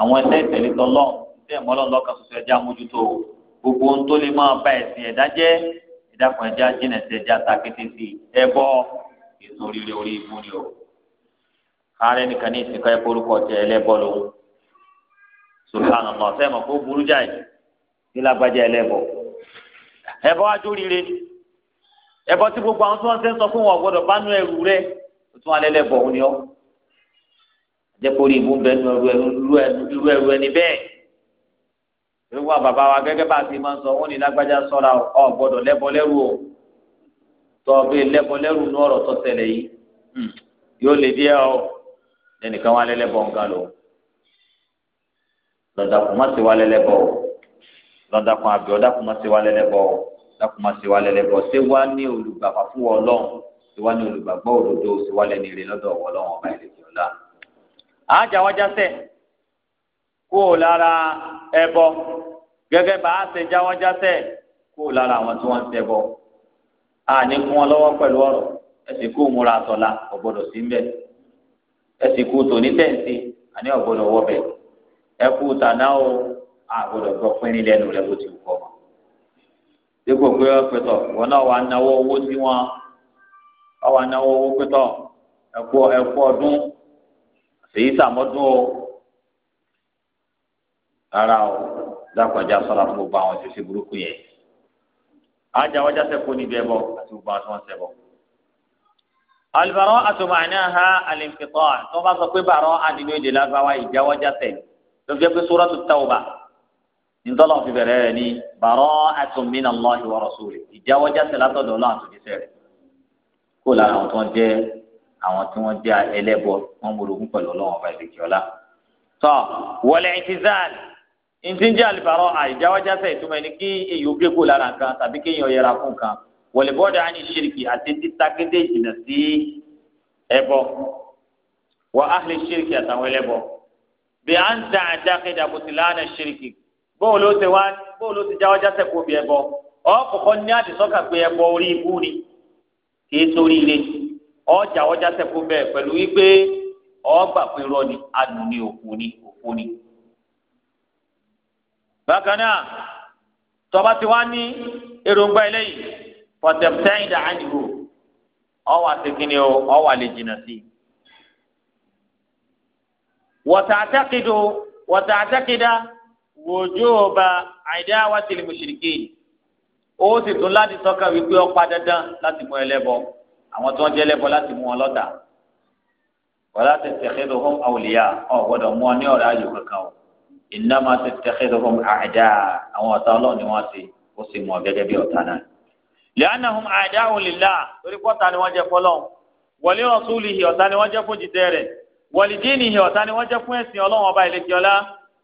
àwọn ẹ̀dá ìtẹ̀lé tọ́lọ́ọ̀ tí ẹ̀ mọ́lọ́ lọ́kàn ṣoṣo ẹ̀jẹ̀ amójútó gbogbo ohun tó lè máa ba ẹ̀sìn ẹ̀dá jẹ́ ìdákan ẹ̀jẹ̀ ajínà sí ẹ̀jẹ̀ atakété sí ẹ̀bọ ètò oríire orí ibú ni o. ààrẹ nìkan ní ìsìnká ẹ̀kọ́ orúkọ tẹ ẹlẹ́bọ lòun subhanallah sẹ́mọ̀ kó burú jáì nílágbájá ẹlẹ́bọ ẹ̀bọ ajóríire ni ẹ̀bọ tí gbogbo àwọn tí wọ́n ti ń sọ fún wọn gbọ́dọ̀ bá nú ẹrù rẹ tuntun alẹ́ lẹ́bọ òun ni ọ́ jẹ́ pé orí ibú ń bẹ́ẹ̀ nú ẹrù ẹrù ẹni bẹ́ẹ̀ ewu àbàbà wa gẹ́gẹ́ bá a ti máa ń sọ wọ́n ní lágbájá sọ́ra ọ gbọ́dọ̀ lẹ́bọ lẹ́rù o tọ́ bẹ́ẹ̀ lẹ́bọ lẹ́rù ní ọ̀rọ̀ tó tẹ̀lẹ̀ yìí hmm, yóò lè díẹ̀ o lẹ́nìkan wà lẹ́lẹ́bọ nǹkan lò lọ́dàkùn má ti wà lẹ́lẹ́bọ o lọ́dàkùn àbí ọ̀dàkùn má ti wà lẹ́lẹ́bọ o má ti wà lẹ́lẹ́bọ ṣé wá ní olùgbàfà fún wọn lọ́hùn ṣé wá ní olùgbàgbọ́ òdodo ṣé wá lẹ́ni rè lọ́dọ̀ wọn lọ́hùn ọ̀bá ìlẹ̀kẹ̀ ọ̀la àájà kúrò lára ẹbọ gẹ́gẹ́ bá a ṣe jáwọ́ jásẹ̀ lára àwọn tí wọ́n ń ṣẹbọ àní kún wọn lọ́wọ́ pẹ̀lú ọ̀rọ̀ ẹ̀sìn kú múra sí mbẹ̀ ẹ̀sìn kú ní tẹ̀sí àní ọ̀gbọ́dọ̀ wọ́bẹ̀ tàná o àgbọ́dọ̀ gbọ́ pínrín lẹ́nu bó ti ọ. dípò pé wọn náà náwó owó wọn rárá o dákọjá sọ́ra fún gbogbo àwọn ìṣẹ̀ṣẹ̀ burúkú yẹn ajá wájà sẹ́kọ̀ọ́ níbi ẹ̀bọ àti gbogbo àwọn tí wọ́n ṣẹbọ. alùbárò àtùmáyánná ha àlìǹfìtọ́ tí wọ́n bá sọ pé bàárọ̀ àdínú èdè lágbàwá ìjà wájà sẹ́ ló fi pé sóràtú tàwùbà nítọ́lọ́ fi bẹ̀rẹ̀ rẹ̀ ní bàárọ̀ àtùmínà lọ́ọ̀hì wọ̀rọ̀ sóòlì ìjà wájà sẹ́ látọ̀dọ̀ ọlọ́run àtúndíṣẹ́ rẹ̀ kó ntinjẹ alibaro àìjáwájásẹ ìtumọ̀ ẹni kí èyí ó gégó lára nǹkan tàbí kéèyàn ó yẹra fún nǹkan wọlébọdà á ní ṣìrìkì àti títa kéde ìjìnà sí ẹbọ wà áhìlì ṣìrìkì àtàwọn ẹlẹbọ bí à ń dàn àdákéde àbùtìláàna ṣìrìkì bóòlù ó ti wá bóòlù ó ti jáwájásẹ kó bí ẹbọ ọkọkọ ní àdìsọkà pé ẹbọ orí ibú ni kì í sórí ilé ọjà kó bẹ́ẹ̀ pẹ̀lú wípé ọgbà pé rọ ni adùn ni òkú ni òkú ni bákan náà tọba ti wá ní èròǹgbà eléyìí pọtẹpẹtẹyìn dà ánìbò ọwọ o ọwọ àlè jìnnà sí i. wọtàtàkìdò wọtàtàkìdà wòjòba àìdáwà tìlì mùsùlùkì ó sì tún láti tọ́ka wípé ọ̀pá dandan láti mú ẹlẹ́bọ àwọn tó ń jẹ́ ẹlẹ́bọ láti mú wọn lọ́tà wọ́n láti tẹ̀síndò hóm àwòlíyà ọ̀ gbọ́dọ̀ mú ọ ní ọ̀rẹ́ ayò kankan o innama tattakhidhuhum a'da àwọn ọ̀tá ọlọ́run ni wọ́n ṣe ó sì mọ̀ gẹ́gẹ́ bí ọ̀tá náà. li'annahum a'da'u lillah torí pọ́ta ni wọ́n jẹ́ fọlọ́n wali rasulihi ọ̀tá ni wọ́n jẹ́ fún jìtẹ́ rẹ̀ wali dinihi ọ̀tá ni wọ́n jẹ́ fún ẹ̀sìn ọlọ́run ọba ìlẹ́kíọ́lá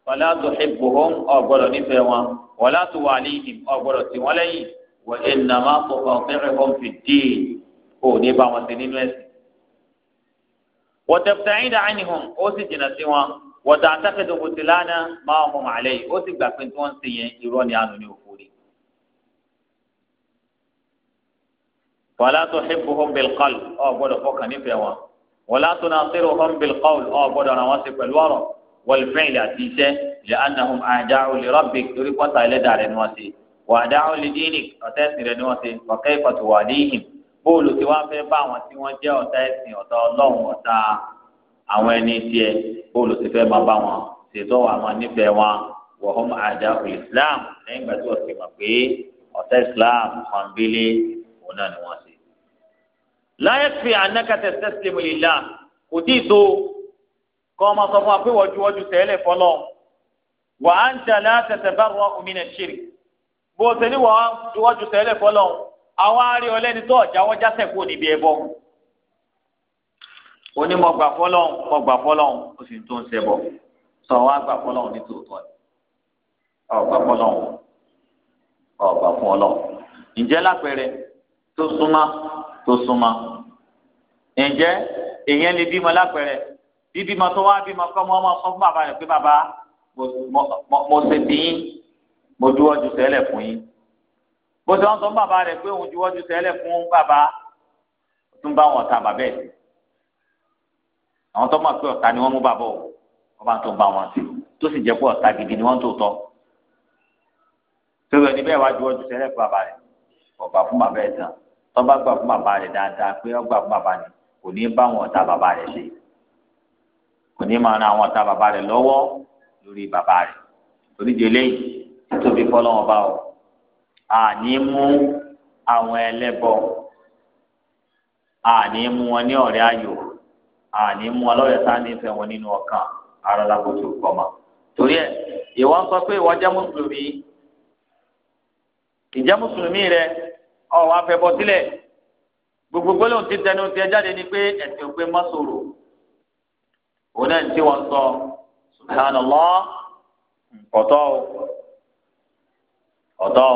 wala tuhibbuhum ọ̀gbọ́dọ̀ nífẹ̀ẹ́ wọn wala tuwalihim ọ̀gbọ́dọ̀ tì wọ́n lẹ́yìn wa innama tuqati'uhum fid-din ò ní bá wọn ti nínú ẹ̀sìn. wa tabta'ida 'anhum ó sì jìnnà sí wọn wọ́tà àtàkẹ́dọ̀kọ̀ ti lánàá máa ọmọ màálẹ́ yìí ó sì gbà pé tí wọ́n ń ṣe yẹn irọ́ ni àánú ni òfò rí. wàlá tó xibbu hom bil qawl ọ gbọ́dọ̀ fọkàn nífẹ̀ẹ́ wọn wàlá tó nàṣírò hom bil qawl ọ gbọ́dọ̀ ràn wọ́n sí pẹ̀lú ọ̀rọ̀ wọlfẹ́ẹ̀lì àti iṣẹ́ lè anahum àdáwò lè rọ́bì torí kọ́ta ẹlẹ́dà rẹ̀ ni wọ́n ṣe wà àdáwò lè dínì ọ̀tá ẹ̀sìn rẹ̀ ni wọ́n ṣe wàkẹ́ ìfọ̀tò wà níhìn bóòlù tí wọ́n fẹ́ bá àwọn tí wọ́n jẹ́ ọ̀tá ẹ̀sìn ọ̀tá ọlọ́run ọ̀tá àwọn ẹni tiẹ̀ bóòlù ti fẹ́ máa bá wọn ṣètò àwọn nífẹ̀ẹ́ wọn wọ̀hún àdá islam lẹ́yìn ìgbà tí wọ́n ti mọ̀ pé ọ̀tá islam pọ̀nbélé òun náà ni wọ́n ṣe. láyé fi ànákàtẹ sẹ́sìlẹ̀mù ìlà kò tí ì tó kọ́ ọmọ sọ fún wa pé wọ́júwọ́jú tẹ́lẹ̀ fọlọ́ wà á ń jà látẹ̀tẹ̀ bá wọn omi náà ṣírí bó o ṣe ní wọ́n wọ́jú tẹ́lẹ̀ fọlọ́ àwọn arí ọlẹ́ni tó ọ̀jà wọ́n jásẹ̀ kó níbi ẹ̀bọ oní mo gbà fọlọ́n mo gbà fọlọ́n ó sì tó ń ṣẹbọ sọ wá gbà fọlọ́n ní tòótọ́ ni ọ gbà fọlọ́n ọ gbà fọlọ́n ǹjẹ́ lápẹẹrẹ tó súnmá tó súnmá ǹjẹ́ èèyàn lè bímọ lápẹẹrẹ bíbímọ tó wá bímọ kọ́ mọ́ ọmọ sọ fún bàbá rẹ̀ pé bàbá mo ṣe bí yín mo dúró ju sẹ́lẹ̀ fún yín bó ṣe wọ́n sọ fún bàbá rẹ̀ pé òun juwọ́ ju sẹ́lẹ̀ fún bàbá tún bá wọn ta bàbá ẹ̀ sí àwọn tó máa pé ọ̀tá ni wọ́n mú bàbọ̀ wọ́n máa tó bá wọn sí tó sì jẹ́ pé ọ̀tá gidi ni wọ́n tó tọ́ tóbi ẹni bẹ́ẹ̀ wá ju ọdún sẹ́lẹ̀ fún bàbá rẹ̀ ọ̀gbà fún bàbá ẹ̀ tán tó bá gbà fún bàbá rẹ̀ dáadáa pé ọgbà fún bàbá rẹ̀ kò ní bá wọn ọ̀tá bàbá rẹ̀ ṣe kò ní máa ran àwọn ọ̀tá bàbá rẹ̀ lọ́wọ́ lórí bàbá rẹ̀ oríṣi eléyìí títóbi fọlọ́wọn àní mú ọlọ́yẹ̀ tá a nífẹ̀ẹ́ wọn nínú ọkàn ara lábòtú kọ́mà torí ẹ ìwọ ń sọ pé ìwọ jẹ́ mùsùlùmí ìjẹ́ mùsùlùmí rẹ ọ wá fẹ́ bọ́ sílẹ̀ gbogbo gbólóhùn ti tẹnu tiẹ̀ jáde ni pé ẹ̀sìn òpin mọ́ sòrò òun náà ti wọ́n sọ subhanallah ọ̀tọ̀ o ọ̀tọ̀ o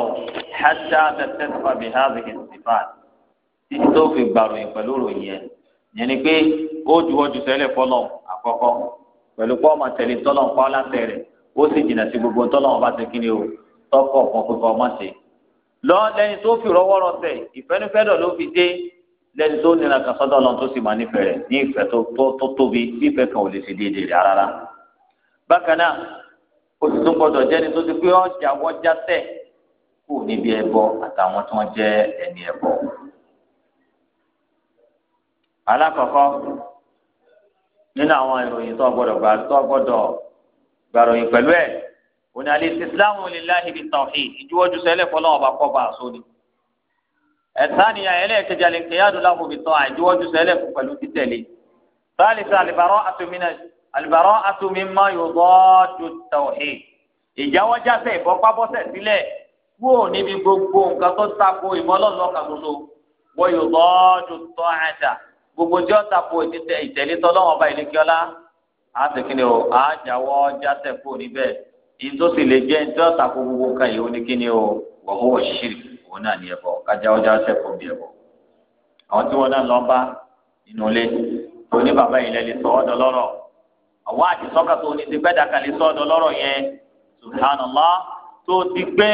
hatta tẹ̀sífà bíi hàbìkì sífà títí tó fi gbàròyìn pẹ̀lú ròyìn ẹ̀ yẹn ni pé ó juwọ́ ju sẹ́lẹ̀ fọlọ́ àkọ́kọ́ pẹ̀lú pọ́ ọmọ tẹ̀lé tọ́lọ̀ ń pa láṣẹ rẹ̀ ó sì jìnnà sí gbogbo tọ́lọ̀ ọba ti kíni o tọkọ̀ kan pé kọ́ ọmọ ṣe. lọ lẹni tó fi rọwọ́rọ̀ tẹ̀ ìfẹ́nufẹ́dọ̀ ló fi dé lẹni tó nira kan sọ́dọ̀ lọ tó sì máa nífẹ̀ẹ́ rẹ̀ ní ìfẹ́ tó tóbi bí ìfẹ́ kan ò lè ṣe déédéé rẹ̀ rárá. bákan náà ó sì tún gbọdọ̀ jẹ́ni tó ti pé ọjà wọ́jà tẹ̀ kù níbi ẹbọ àtàwọn tí wọ́n jẹ́ ẹni ẹbọ alákọ̀ọ́kọ́ nínú àwọn ìròyìn tó gbọdọ̀ gbà tó gbọdọ̀ gbàròyìn pẹ̀lú ẹ̀ òní alẹ́ ìsìláàmù lillahi bi tawhid ìjúwọ́jú sẹ́lẹ̀ fọlọ́ ọba kọ́ bá aṣọ ni ẹ̀sánìyà ẹlẹ́ẹ̀kejì alẹ́kẹ̀yàdù láhùn bi tọ́ àìjúwọ́jú sẹ́lẹ̀ pẹ̀lú títẹ̀lé sálísà àlìbárọ́ àtúmínà àlìbárọ́ àtúmímá yòókọ́jú tawhid ìjáwọ́jáfẹ́ ìbọ́pábọ́sẹ̀ sílẹ̀ wó níbi gbogbo nǹkan tó tako ìmọ̀lọ́lọ́ kan wọ́n yóò lọ́ọ́dún tọ́ àjà gbogbo tí ó tako ìtẹ̀lé tọ́lọ́wọ́n ọba ìlẹ́kíọ́lá á sì kí ni o á jáwọ́ jásẹ̀ kúrò níbẹ̀ yìí tó sì lè jẹ́ tí ó tako gbogbo nǹkan yìí ó ní kí ni o wọ́n mú wọ́n ṣíṣírí òun náà ní ẹ̀bọ̀ kájáwọ́ jásẹ̀ kúrò bí ẹ̀bọ̀ àwọn tí wọ́n náà lọ bá nínú ilé tó ní bàbá ilẹ̀ lè sọ ọ́dọ̀ lọ́rọ̀ àwọn àtisọ́kà tó ní ti gbẹ́dàkà lè sọ ọ́dọ̀ lọ́rọ̀ yẹn subhanallah tó ti gbé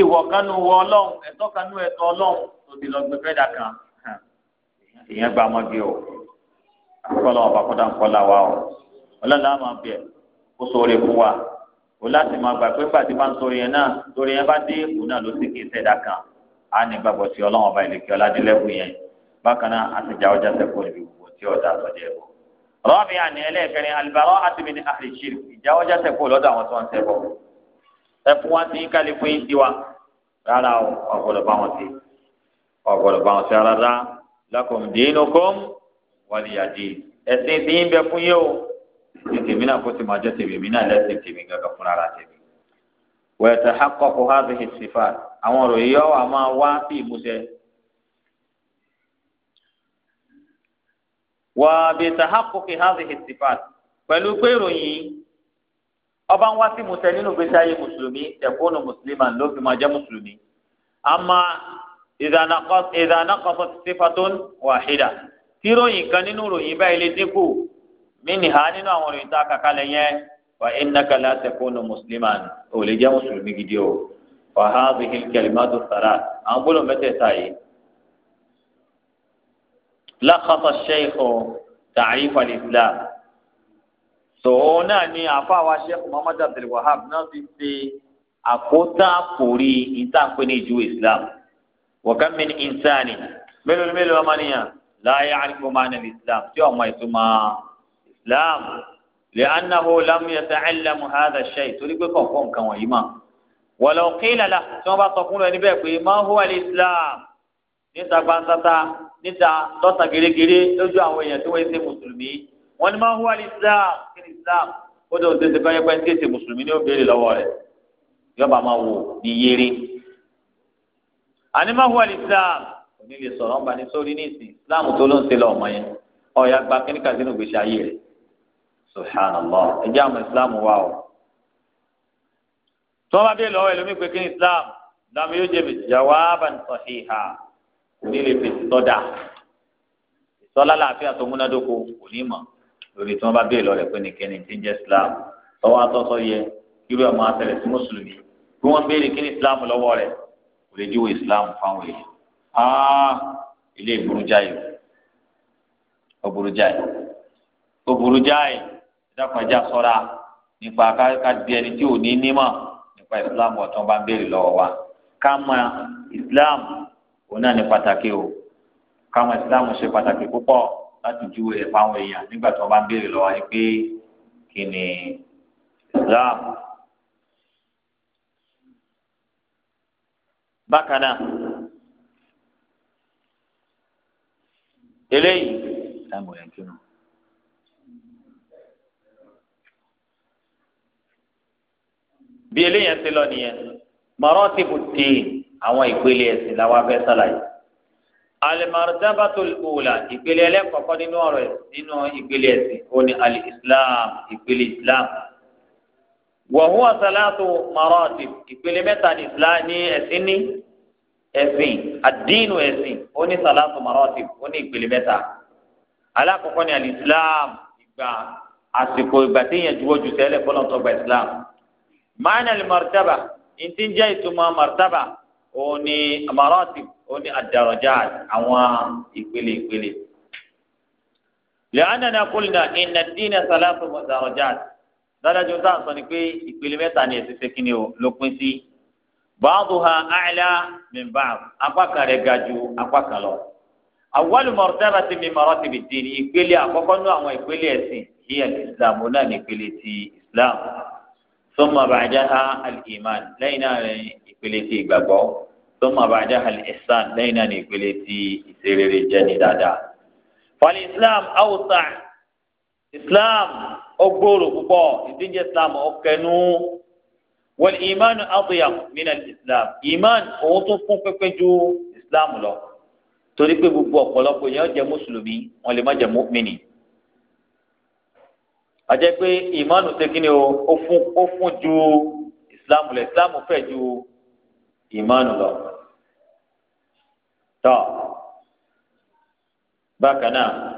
ìwọ̀ wọ ọlọ́run ẹ̀tọ́ ẹ̀tọ́ ọlọ́run tó ti lọ gbé gbẹ́dàkà ìyẹn gba ọmọge o akọlọ ọba kọdà ń kọlà wa o ọlọ́dà máa bẹ̀ kó sóore fún wa o láti máa gbà pé gbàtí bá ń sóore yẹn náà sóore yẹn bá dé èkó náà ló sì kí sẹ́dá kan á ní gbàgbọ́ sí ọlọ́wọ́n ọba ìlẹ̀kẹ́ ọ̀làdínlẹ́gùn yẹn bákan náà àti ìjà ọjà sẹ́kọ̀ọ́ níbi gbogbo tí ọ̀dà àtọ̀jẹ́ ẹ̀kọ́ rọ́ọ̀bì àní ẹlẹ́ẹ̀kẹrin alìbárọ́ àtìmí ní àlìṣir ìjáwọ́ jáde kó lọ́dọ̀ àwọn tí wọ́n ń ṣẹbọ. ẹ̀fún wa ti ń kálí fún yín tiwa rárá ọ̀gbọ̀dọ̀ bá wọn ti ọ̀gbọ̀dọ̀ bá wọn ti rárá lakum dinukum waliyadin ẹ̀sìn tí ń bẹ fún yín o tèmi náà kó sì máa jẹ́ tèmi náà lẹ́sìn tèmi gẹ́gẹ́ fúnra rà tèmi. wa yatahaqqaqu hadhihi sifat àwọn ọ̀rọ̀ yìí ọ̀ máa wá sí ìmúṣẹ. wa bi tahaqquqi hadhihi sifat pẹ̀lú pé ìròyìn ọba ń wá sí ìmúṣẹ nínú ìgbésí ayé mùsùlùmí tẹ̀kọ́nù mùsùlùmí ló fi máa jẹ́ mùsùlùmí. àmọ́ ìdáná kọfọ sífatón wàhídà tíròyìn kan nínú ròyìn báyìí lè dínkù mínìhà nínú àwọn ròyìn tá a kàkálẹ̀ yẹn wà innaka la takunu musliman ò lè jẹ́ mùsùlùmí gidi o wà hadhihi al-kalimatu thalat àwọn gbọ́dọ̀ mẹ́tẹ̀ẹ̀ta yìí. lakasa sheikhu ta'rif al-islam tòun náà ni àfáwa sheikh muhammad abdul náà ti ṣe àkótá àkórí ìtàkùn ní ìjú islam wọ̀kàn mi ní ìnsáni mélòó mélòó ọmọ nìyàn láàyè àríkò máa nà islam tí ọmọ ìtumọ̀ islam lè anahu lam yẹsẹ ẹlẹmu hàdà ṣe torí pé kọ̀ọ̀kan nǹkan wọ̀nyí mà wọ̀lọ̀ kílàlà tí wọ́n bá sọ fún ẹni bẹ́ẹ̀ pé máa hùwà ní islam níta gbansata níta lọ́sàn gèrègèrè lójú àwọn èèyàn tí wọ́n ṣe mùsùlùmí wọ́n ní máa hùwà ní islam kí ni islam ó dẹ̀ òṣèṣe báyẹn pé ń tẹ̀sẹ̀ mùsùlùmí ní ó béèrè lọ́wọ́ rẹ̀ yọba máa wò ní yéré ànímọ̀ wà ní islam òní lè sọ̀rọ̀ ọ̀nba ní sórí ní ìsìn islam tó ló ń ṣe lọ́ọ̀mọ́ yẹn ọ̀ya gba kíníkà sínú ìgbésí ayé rẹ̀ subhanallah ẹ jẹ́ àmọ́ islam wà o. tí wọ́n bá dé lọ́wọ́ ẹlòmíì pé kí ni islam dàmú yóò jẹ́ jawaban sahiha òní lè fi sọ́dà sọ́lá làáfíà tó múnádóko òní mọ̀ lórí tí bá dé lọ́wọ́ rẹ̀ pé ní kẹ́ni tí islam tọ́wọ́ atọ́sọ́ yẹ irú ẹ̀ máa tẹ̀lẹ̀ sí mùsùlùmí bí wọ́n béèrè kí ni islam lọ́wọ́ rẹ̀ kò lè díwò islam fáwọn èèyàn áá ah, ilé ìburú jáì ó burú jáì ó burú jáì ìdákanjá ṣọ́ra nípa ká di ẹni tí ò ní nímọ̀ nípa islam ọ̀tún bá ń béèrè lọ́wọ́ wa ká islam òun náà ní pàtàkì o ká islam ṣe pàtàkì púpọ̀ láti júwe ẹ̀ fáwọn èèyàn nígbà tí wọ́n bá ń béèrè lọ́wọ́ wa ni pé kí ni islam. bákan náà eléyìí táìmù yẹn kí nù. bí eléyìí ti lọ nìyẹn maratibu tin àwọn ìpele ẹ̀sìn làwọn afẹ́ sàlàyé alimaridabatul ula ìpele ẹlẹ́kọ̀ọ́kọ́ nínú ọ̀rọ̀ nínú ìpele ẹ̀sìn ó ní alìsílám ìpele islam wọ̀hún ọ̀sálàtò mọ̀rọ́ọ̀tì ìpele mẹ́ta ní islam ní ẹ̀sìn ní ẹ̀sìn àdínù ẹ̀sìn ó ní sàlátò mọ̀rọ́ọ̀tì ó ní ìpele mẹ́ta alákọ̀ọ́kọ́ ní alìsílám ìgbà àsìkò ìgbà tí yẹn juwọ́ ju sẹ́lẹ̀ fọlọ́ntọ́ gba islam máànà lè mọ̀rọ́tàbà ìtì ń jẹ́ ìtumọ̀ mọ̀rọ́tàbà ó ní mọ̀rọ́ọ̀tì ó ní àdàrọ̀jà àwọn ìpele ìpele lẹ́yìn náà kúlìnà ìnà dínà sàlátò mọ̀rọ́tàbà dáadájú tá à ń sọ ni pé ìpele mẹ́ta ni ẹ̀sìn ṣèkínni o ló pín sí ba'duha a'la min ba'd apá kan rẹ̀ ga ju apá kan lọ. awwalu martabati min maratibi din ìpele àkọ́kọ́ nú àwọn ìpele ẹ̀sìn hiya al-islam náà ní ìpele ti islam thumma ba'daha al-iman lẹ́yìn náà rẹ̀ ìpele ti ìgbàgbọ́ thumma ba'daha al-ihsan lẹ́yìn náà ní ìpele ti ìṣerere jẹ́ni dáadáa. fal-islam awsa' islam ọgbòòrò púpọ̀ ìdíje islam ọkẹnu wal iman adiyam minal islam iman òun tún fún pẹpẹ ju islam lọ torí pé gbogbo ọ̀pọ̀lọpọ̀ èèyàn jẹ́ mùsùlùmí wọn lè má jẹ́ mọ́mìnì àjẹ́ pé ìmánu tẹ́kínni o ó fún ó fún ju islam lọ islam fẹ́ ju ìmánu lọ tọ́ bákan náà.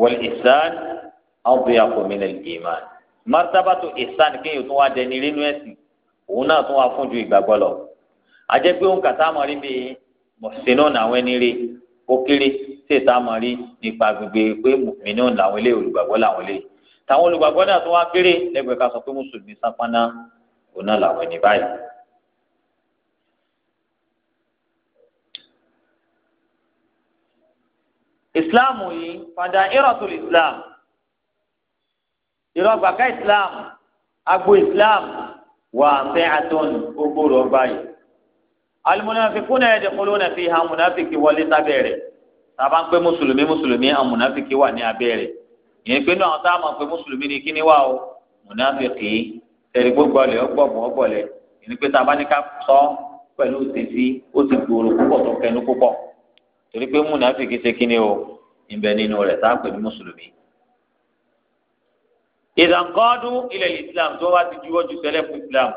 wal-ihsan aḍyafu min al-īmān martabatu ihsan kéèyàn tún wá dẹni rínú ẹ̀sìn òun náà tún wá fún ju ìgbàgbọ́ lọ àjẹ́ pé òun kàtá mọ̀ rí bí mọ̀sínú làwọn ẹni rí ó kéré tí èta mọ̀ rí nípa gbogbo pé mọ̀mínú làwọn ilé olùgbàgbọ́ làwọn ìsìláàmù yìí padà ìrọ̀tù islam ìrọ̀gbàká islam agbo islam wà fẹ́ àtọ́nù gbogbo rọ̀ báyìí. alimunafikuna yadkhuluna fiha munafiki wọlé sábẹ́rẹ̀ sábà ń pé mùsùlùmí mùsùlùmí àwọn munafiki wà ní abẹ́rẹ̀ ìyẹn pé náà tá a máa pé mùsùlùmí ni kíní wà o munafiki tẹ̀lé gbogbo ọ̀lẹ́ ọgbọ̀gbọ̀ ọgbọ̀lẹ́ ìyẹn pé tá ní ká sọ pẹ̀lú òtẹ́sí ó ti gbòòrò púpọ̀ tó kẹnu púpọ̀ torí pé múnàfíkì ṣe kíni o ìbẹ nínú rẹ̀ tá a pè ní mùsùlùmí. ìdàkọ́dún ilẹ̀ islam tó wá ti juwọ́ ju sẹ́lẹ̀ fún islam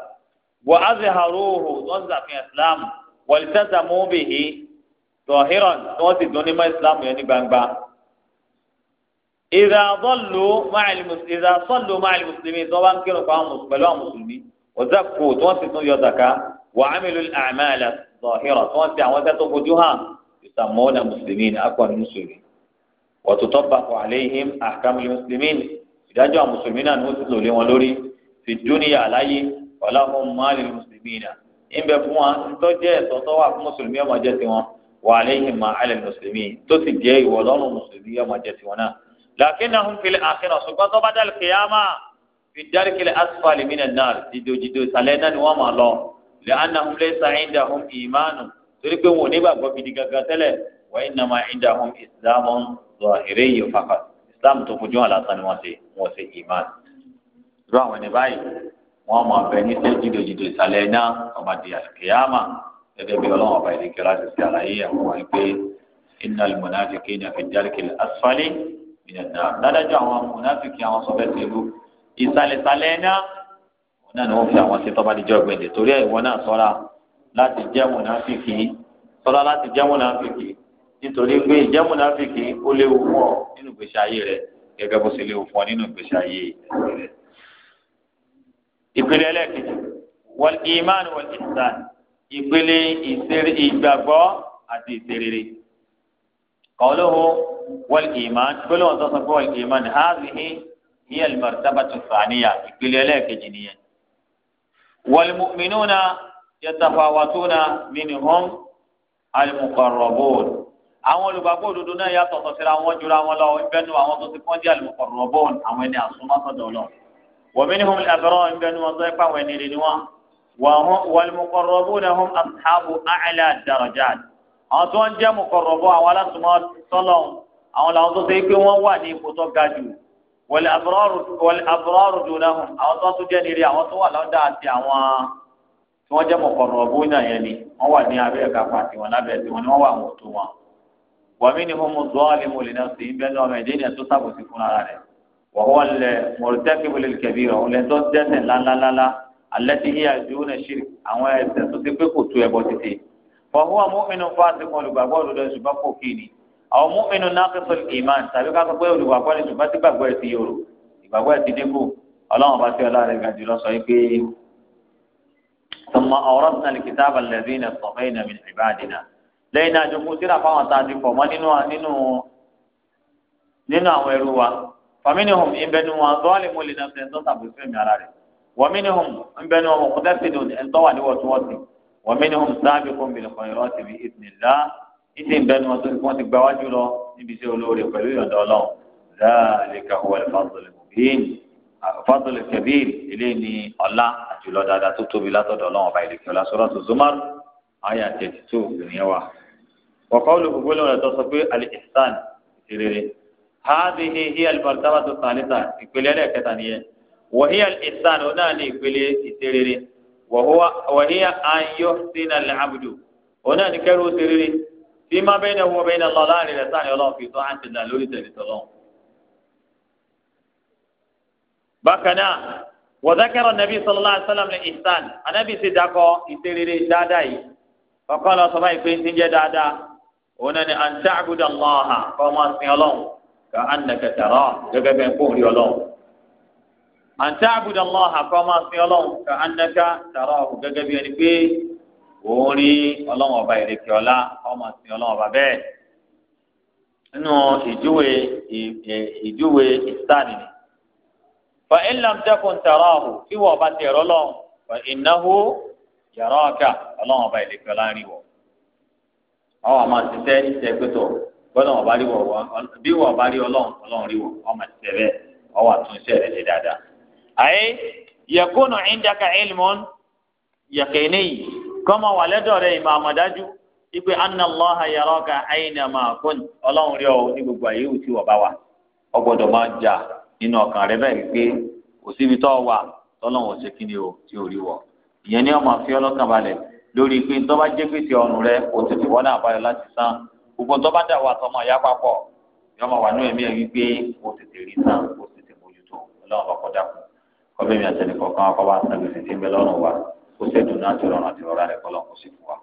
wọ́n á ṣe àrùhù tó ń ṣàfihàn islam wọ́n ti tẹ́sà mú bìhí tọ̀híràn tí wọ́n ti dún ní mọ́ islam yẹn ní gbangba. ìdà sọ́lù máa mùsùlùmí tó wá ń kírun pẹ̀lú àwọn mùsùlùmí ọ̀dàkù tí wọ́n ti tún yọ zaka wàhámìlú àmàlà tọ̀híràn tí wọ́n ti àwọn ẹgbẹ́ tó fojú hàn. يسمون مسلمين أكون مسلمين وتطبق عليهم أحكام المسلمين ìdájọ́ àwọn mùsùlùmí náà ni wọ́n ti lò lé wọn lórí fi dúníyà láyé wàhálà fún máàlì mùsùlùmí náà ìbẹ̀ fún wa tó jẹ́ ẹ̀tọ́ tó wà fún mùsùlùmí ọmọ jẹ́ tiwọn wà lẹ́yìn máa àlẹ́ mùsùlùmí tó sì jẹ́ ìwọ lọ́rùn mùsùlùmí ọmọ jẹ́ tiwọn náà. làkínà ń fi àkínà ṣùgbọ́n tó bá dàlù kìyàmà fi dàlù kìlẹ̀ asfali mí nàá jìdòjìdò ìsàlẹ̀ náà ni wọ́n máa lọ lẹ́hànà ń lé sàyìn dàhùn ìmánu torí pé wọn ò ní gbàgbọ́ gidi gangan tẹ́lẹ̀ wa innama indahum islamun zahiriyun faqat islam tó fojú hàn lásán ni wọ́n ṣe wọ́n ṣe iman. irú àwọn ẹni báyìí wọ́n mọ̀ abẹ ní sẹ́ jìdòjìdò ìsàlẹ̀ náà ọmọdé àlùkìyàmà gẹ́gẹ́ bí ọlọ́wọ́n ọba ìdíkẹ́ láti ṣe àlàyé àwọn wáyé pé innal munafiqina fi darkil asfali minan náà wọn láti jẹ́ mùnáfíkì sọ́lá láti jẹ́ mùnáfíkì nítorí pé ìjẹ́ mùnáfíkì ó léwu fún ọ nínú ìgbésí ayé rẹ gẹ́gẹ́ bó ṣe léwu fún ọ nínú ìgbésí ayé rẹ. ìpele ẹlẹ́ẹ̀kejì wal iman wal ihsan ìpele ìgbàgbọ́ àti ìṣerere qawluhu wal iman gbólóhùn tó sọ pé wal iman hazihi hiya al martabatu thaniya ìpele ẹlẹ́ẹ̀kejì nìyẹn wal mu'minuna yatafawatuna minhum al-muqarrabun àwọn olùgbàgbọ́ òdodo náà yàtọ̀ sọ̀sẹ̀rẹ̀ àwọn jura wọn lọ ìbẹ́nu àwọn tó ti pọ́n jẹ́ al-muqarrabun àwọn ẹni àsomásọ̀dọ̀ lọ wa minhum al-abrar ìbẹ́nu wọn sọ ipá àwọn ẹni rẹ̀ ni wọn wal-muqarrabuna hum ashabu a'la ad àwọn tó ń jẹ́ muqarrabun àwọn alásùmọ́ sọ́lọ̀ àwọn làwọn tó ṣe pé wọ́n wà ní ipò tó ga jù wal-abrar dunahum àwọn tó tún tó wà wọ́n jẹ́ mọ̀kànnà ọ̀bùn náà yẹn ni wọ́n wà ní abẹ́ ẹ̀ka pàtì wọn lábẹ́ ẹ̀sìn wọn ni wọ́n wà wọn tó wọn. wàmí ni mo mú zọ́ọ́ ni mo náà sí bẹ́ẹ̀ náà ẹ̀dẹ́ ni tó sàbòsí fún ara rẹ̀ wọ́n lẹ̀ mọ̀rọ̀tẹ́kìbìlì kẹ̀bí rẹ̀ ọ̀lẹ́ tó dẹ́sẹ̀ ńláńláńlá alẹ́ ti híyà ju ní ṣírí àwọn ẹ̀sẹ̀ tó ti pé kò tó ẹ̀bọ títì. fọwọ́ mọ́mínú fáàtì kan olùgbàgbọ́ òdodo ṣùgbọ́n kò kí àwọn mọ́mínú nákẹ́sọ̀ ìmán tàbí ká sọ ثم أورثنا الكتاب الذين اصطفينا من عبادنا lẹ́yìn náà jogún síra fáwọn tá a ti fọ̀ mọ́ nínú nínú nínú àwọn ẹrú wa faminihum ìbẹnu wọn zọọlì mo lè nàfẹ ẹntọ sàbòsí ẹmí ara rẹ wọminihum ìbẹnu wọn kò tẹsídò ẹntọ wà níwọ̀ntúnwọ̀nsì wọminihum sáàbì fún mi lẹkọọ ìrọ ti fi ìdìnnìlá ìdí ìbẹnu wọn tó fi wọn ti gba wájú lọ níbi iṣẹ́ olóore pẹ̀lú ìyọ̀dọ̀ Ọlọ́run láàlẹ kàwé ẹlẹfà sọlẹ mọbìnrin fadl kabir eléyìí ni ọlá àjùlọ dáadáa tó tóbi látọ̀dọ̀ ọlọ́run ọba ìlẹ̀kẹ́ ọlá suratu zumar àyà tẹ̀tí tó ìrìn wa. wa qawluhu gbólóhùn rẹ̀ tó sọ pé al-ihsan ìrere hadhihi hiya al-martabatu thalitha ìpele ẹlẹ́ẹ̀kẹta nìyẹn wa hiya al-ihsan òun náà ní ìpele ìṣerere wa hiya an yuhsina al-abdu òun náà ní kẹ́rù ìṣerere fima baynahu wa bayna Allah láàrin rẹ̀ sáà ní ọlọ́run fi tó àǹtí náà lórí tẹ̀lé tọ́lọ́run. bákan náà wàzákẹ́rọ nàbí sallallahu alaihi wasallam ní ihsan anábì sì dákọ ìṣerere dáadáa yìí kọ́kọ́ lọ sọ báyìí pé ń ti jẹ́ dáadáa òun náà ni an ta'buda Allaha kọ́ máa sin ọlọ́run ka annaka tarahu gẹ́gẹ́ bẹ́ẹ̀ kó rí ọlọ́run an ta'buda Allaha kọ́ máa sin ọlọ́run ka annaka tarahu gẹ́gẹ́ bẹ́ẹ̀ ni pé fa ilam lam takun tarahu tí wọ́n ti fa innahu yaraka ọlọ́run ọba ìlẹ̀kẹ́ láàrin wọ̀ ọ́ àmọ́ ṣiṣẹ́ iṣẹ́ pẹ́tọ̀ gbọ́dọ̀ wọn rí wọ̀ bí wọ́n bá rí ọlọ́run ọlọ́run rí wọ̀ ọmọ ṣiṣẹ́ bẹ́ẹ̀ ọwọ́ àtúnṣe rẹ̀ ṣe dáadáa. àyè yakunu indaka ilmun yàkẹ́ni kọ́mọ wà lẹ́dọ̀ rẹ̀ ìmọ̀ aina ma kun rí ọ ní gbogbo òtí bá nínú ọkàn rẹ bẹ́ẹ̀ pé kò tó wà tọ́lọ́wọ̀n ṣe kí ni o tí ò rí wọ̀ ìyẹn ni ọmọ àfi ọlọ́kàn balẹ̀ lórí pé tó bá jẹ́ gbèsè ọrùn rẹ o ti fi wọ́n náà láti san gbogbo tó bá dà wà tọmọ ìyá papọ̀ yọmọ wà ní ẹ̀mí ẹ̀ wípé o tètè rí san o tètè mójútó ọlọ́run bá kọjá kù kọ́bí mi àtẹnì kọ̀ọ̀kan akọ́ bá san gbèsè tí ń bẹ lọ́rùn wa kó sẹ́dùn náà ti rọrùn àti rọra rẹ̀ kọ́lọ́ kó sì fún wa.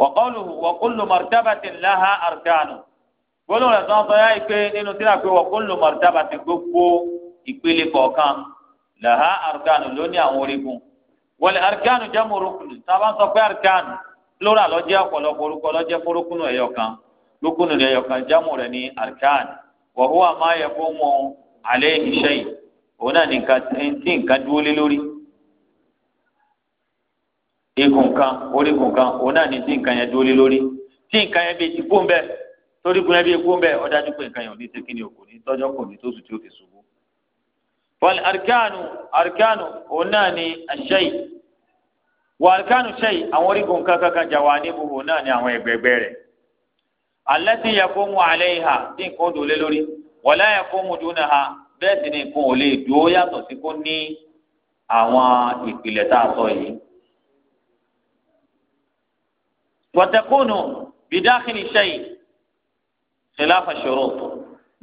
wọ́kọ́lù wọ́kọ́lù martabatin laha arkanu gbólóhùn rẹ̀ sọ́n sọ yá ìpè nínú sílá pé wọ́n kún ló mọ̀ dábà ti gbogbo ìpele kọ̀ọ̀kan làhá àrùkánù ló ní àwọn orígun wọlé àrùkánù jẹ́ mọ̀rọ̀kùnù sábà ń sọ pé àrùkánù lóra lọ́jẹ́ ọ̀pọ̀lọpọ̀ orúkọ lọ́jẹ́ fúrúkúnù ẹ̀yọ̀kan lókùnù ẹ̀yọ̀kan jámù rẹ̀ ní àrùkánù wa huwa ma yaqumu alayhi shay òun náà ní nǹkan dúró lé lórí igun kan orígun kan òun náà ní nǹkan yẹn dúró lé lórí torí gun ẹbí epo mbẹ ọdájú pé nǹkan yẹn ò ní ṣe kí ni òkò ní tọjọ kò ní tóṣù tí ó fi ṣubú. wal arkanu arkanu òun náà ni àṣẹyì wà arkanu ṣẹyì àwọn orígun kankankan jà wà níbo òun náà ni àwọn ẹgbẹgbẹ rẹ. allati yaqumu alayha tí nǹkan dò lé lórí wala yaqumu dunaha bẹ́ẹ̀ sì ni nǹkan ò lè dúró yàtọ̀ sí kó ní àwọn ìpìlẹ̀ tá a sọ khilafa shurut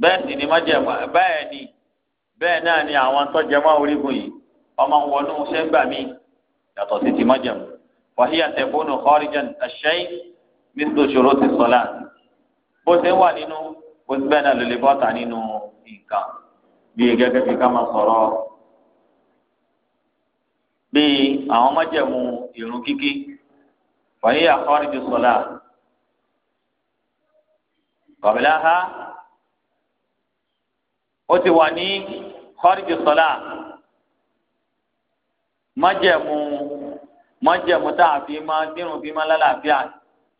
bẹ́ẹ̀ sì ni májẹ̀mú bẹ́ẹ̀ ni bẹ́ẹ̀ náà ni àwọn tọ́jẹmọ́ orígun yìí ọmọ wọnú sẹ́gbà mi yàtọ̀ sí ti májẹ̀mú wàhíyà tẹ̀kúnù kharijan ash-shay' mithlu shuruti salat bó ṣe wà nínú bó ṣe bẹ́ẹ̀ náà ló lè bọ́ta nínú nǹkan bíi gẹ́gẹ́ bí ká máa sọ̀rọ̀ bíi àwọn májẹ̀mú ìrun kíkí wàhíyà khariju salat kọ̀bílá ha ó ti wà ní kọ́rìjì sọ́lá májẹ̀mú májẹ̀mú tá a fi máa dírun fi máa lálàáfíà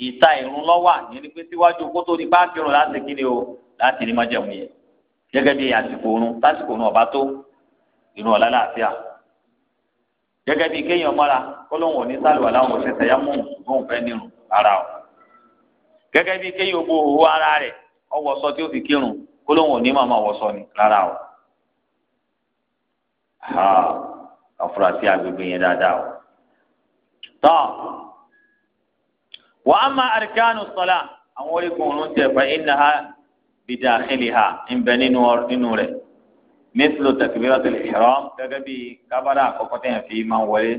ìta ìrun lọ́wọ́ àyẹ̀ni pé síwájú kó tó di páàkì rùn láti kí ni o láti ní májẹ̀mú yẹn gẹ́gẹ́ bí àsìkò oorun lásìkò oorun ọba tó ìrun ọ̀la làáfíà gẹ́gẹ́ bí kéèyàn mọ́ra kó lóun ò ní sálùwà láwọn òṣèṣẹ́ yá mú òun fẹ́ nírun ara o gẹ́gẹ́ bí kéyìn ògbó òwò ara rẹ̀ ọwọ́sọ tí ó fi kírun kó lóun ò ní màmá ọwọ́sọ ni rárá o. àfúrásì agbègbè yẹn dáadáa o. tọ́ wà á máa àríkánù sọ́lá àwọn orígun òun tẹ̀ fẹ́ iná ha bìdà àkìlì ha ń bẹ nínú rẹ̀ mísìlò takbiratul ihram gẹ́gẹ́ bí kábàdà àkọ́kọ́ tẹ̀yìn fi máa wọlé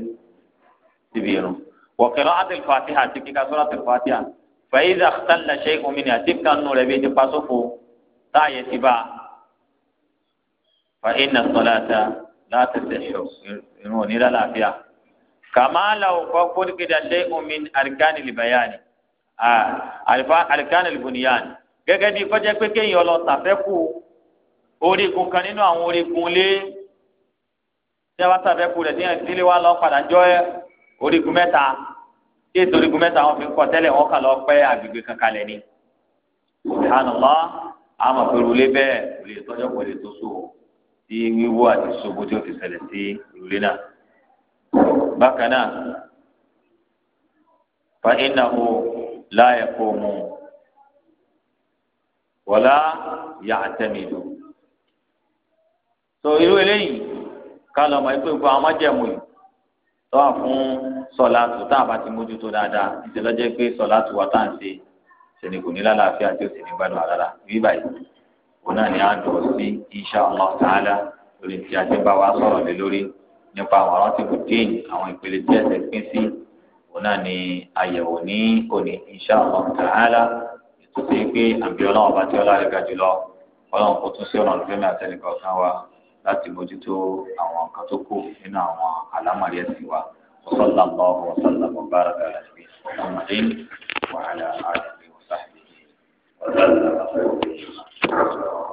síbi irun wọ̀kẹ́lọ́ àti fàtíhà ti kíkà àti fàyídà tàlà ṣe omi ní àti kanú rẹ̀ bí ti pasófo táàyè ti bá fa iná sọláta láti tẹ̀sọ̀ irun onílà láàfíà kàmáàlà òkò kódìkìdà ṣe omi àríkánì lìbàyàní àríkánì lìbùnìyàní gẹ́gẹ́ bí kọjá pé kéèyàn lọ sàfẹ́kù orígun kan nínú àwọn orígun lé tí a bá sàfẹ́kù rẹ̀ tí yẹn ti lé wa lọ padà jọ orígun mẹ́ta tí ètò orígun mẹ́ta wọn fi kọ́ tẹ́lẹ̀ wọn kà lọ pẹ́ agbègbè kankan lẹ̀ ni subhanallah àmọ̀ pé rúlé bẹ́ẹ̀ kò lè tọ́jọ́ kò lè tó so tí wíwó àti ṣogbo tí ó ti ṣẹlẹ̀ sí rúlé náà bákan náà fa innahu la yaqumu wala ya'tamidu so irú eléyìí ká lọ́mọ ẹgbẹ́ gbọ́ àwọn májẹ̀mú yìí tọ́wọ́ fún sọ̀láàtù tá a bá ti mójútó dáadáa ìṣèlọ́jẹ́ pé sọ̀láàtù wa tá à ń ṣe ṣẹ̀ni kò ní lálàáfíà tí ó sì ní gbádùn àrárá bí báyìí òun náà ni a dọ̀ sí insha Allah ta'ala lórí tí a ti bá wa sọ̀rọ̀ lé lórí nípa àwọn arántìkù dín àwọn ìpele tí ẹ̀sẹ̀ pín sí òun náà ni àyẹ̀wò ní òní insha Allah ta'ala ètò sí pé àbí ọlọ́run bá ti ọlá rẹ̀ ga jùlọ ọlọ́run kò tún sí ọ̀nà ìfẹ́mi àtẹnìkọ̀ọ̀kan wa láti mójútó àwọn nǹkan tó kù nínú àwọn àlámọ̀rí ẹ̀sìn wa وصلى الله وسلم وبارك على نبينا محمد وعلى اله وصحبه وسلم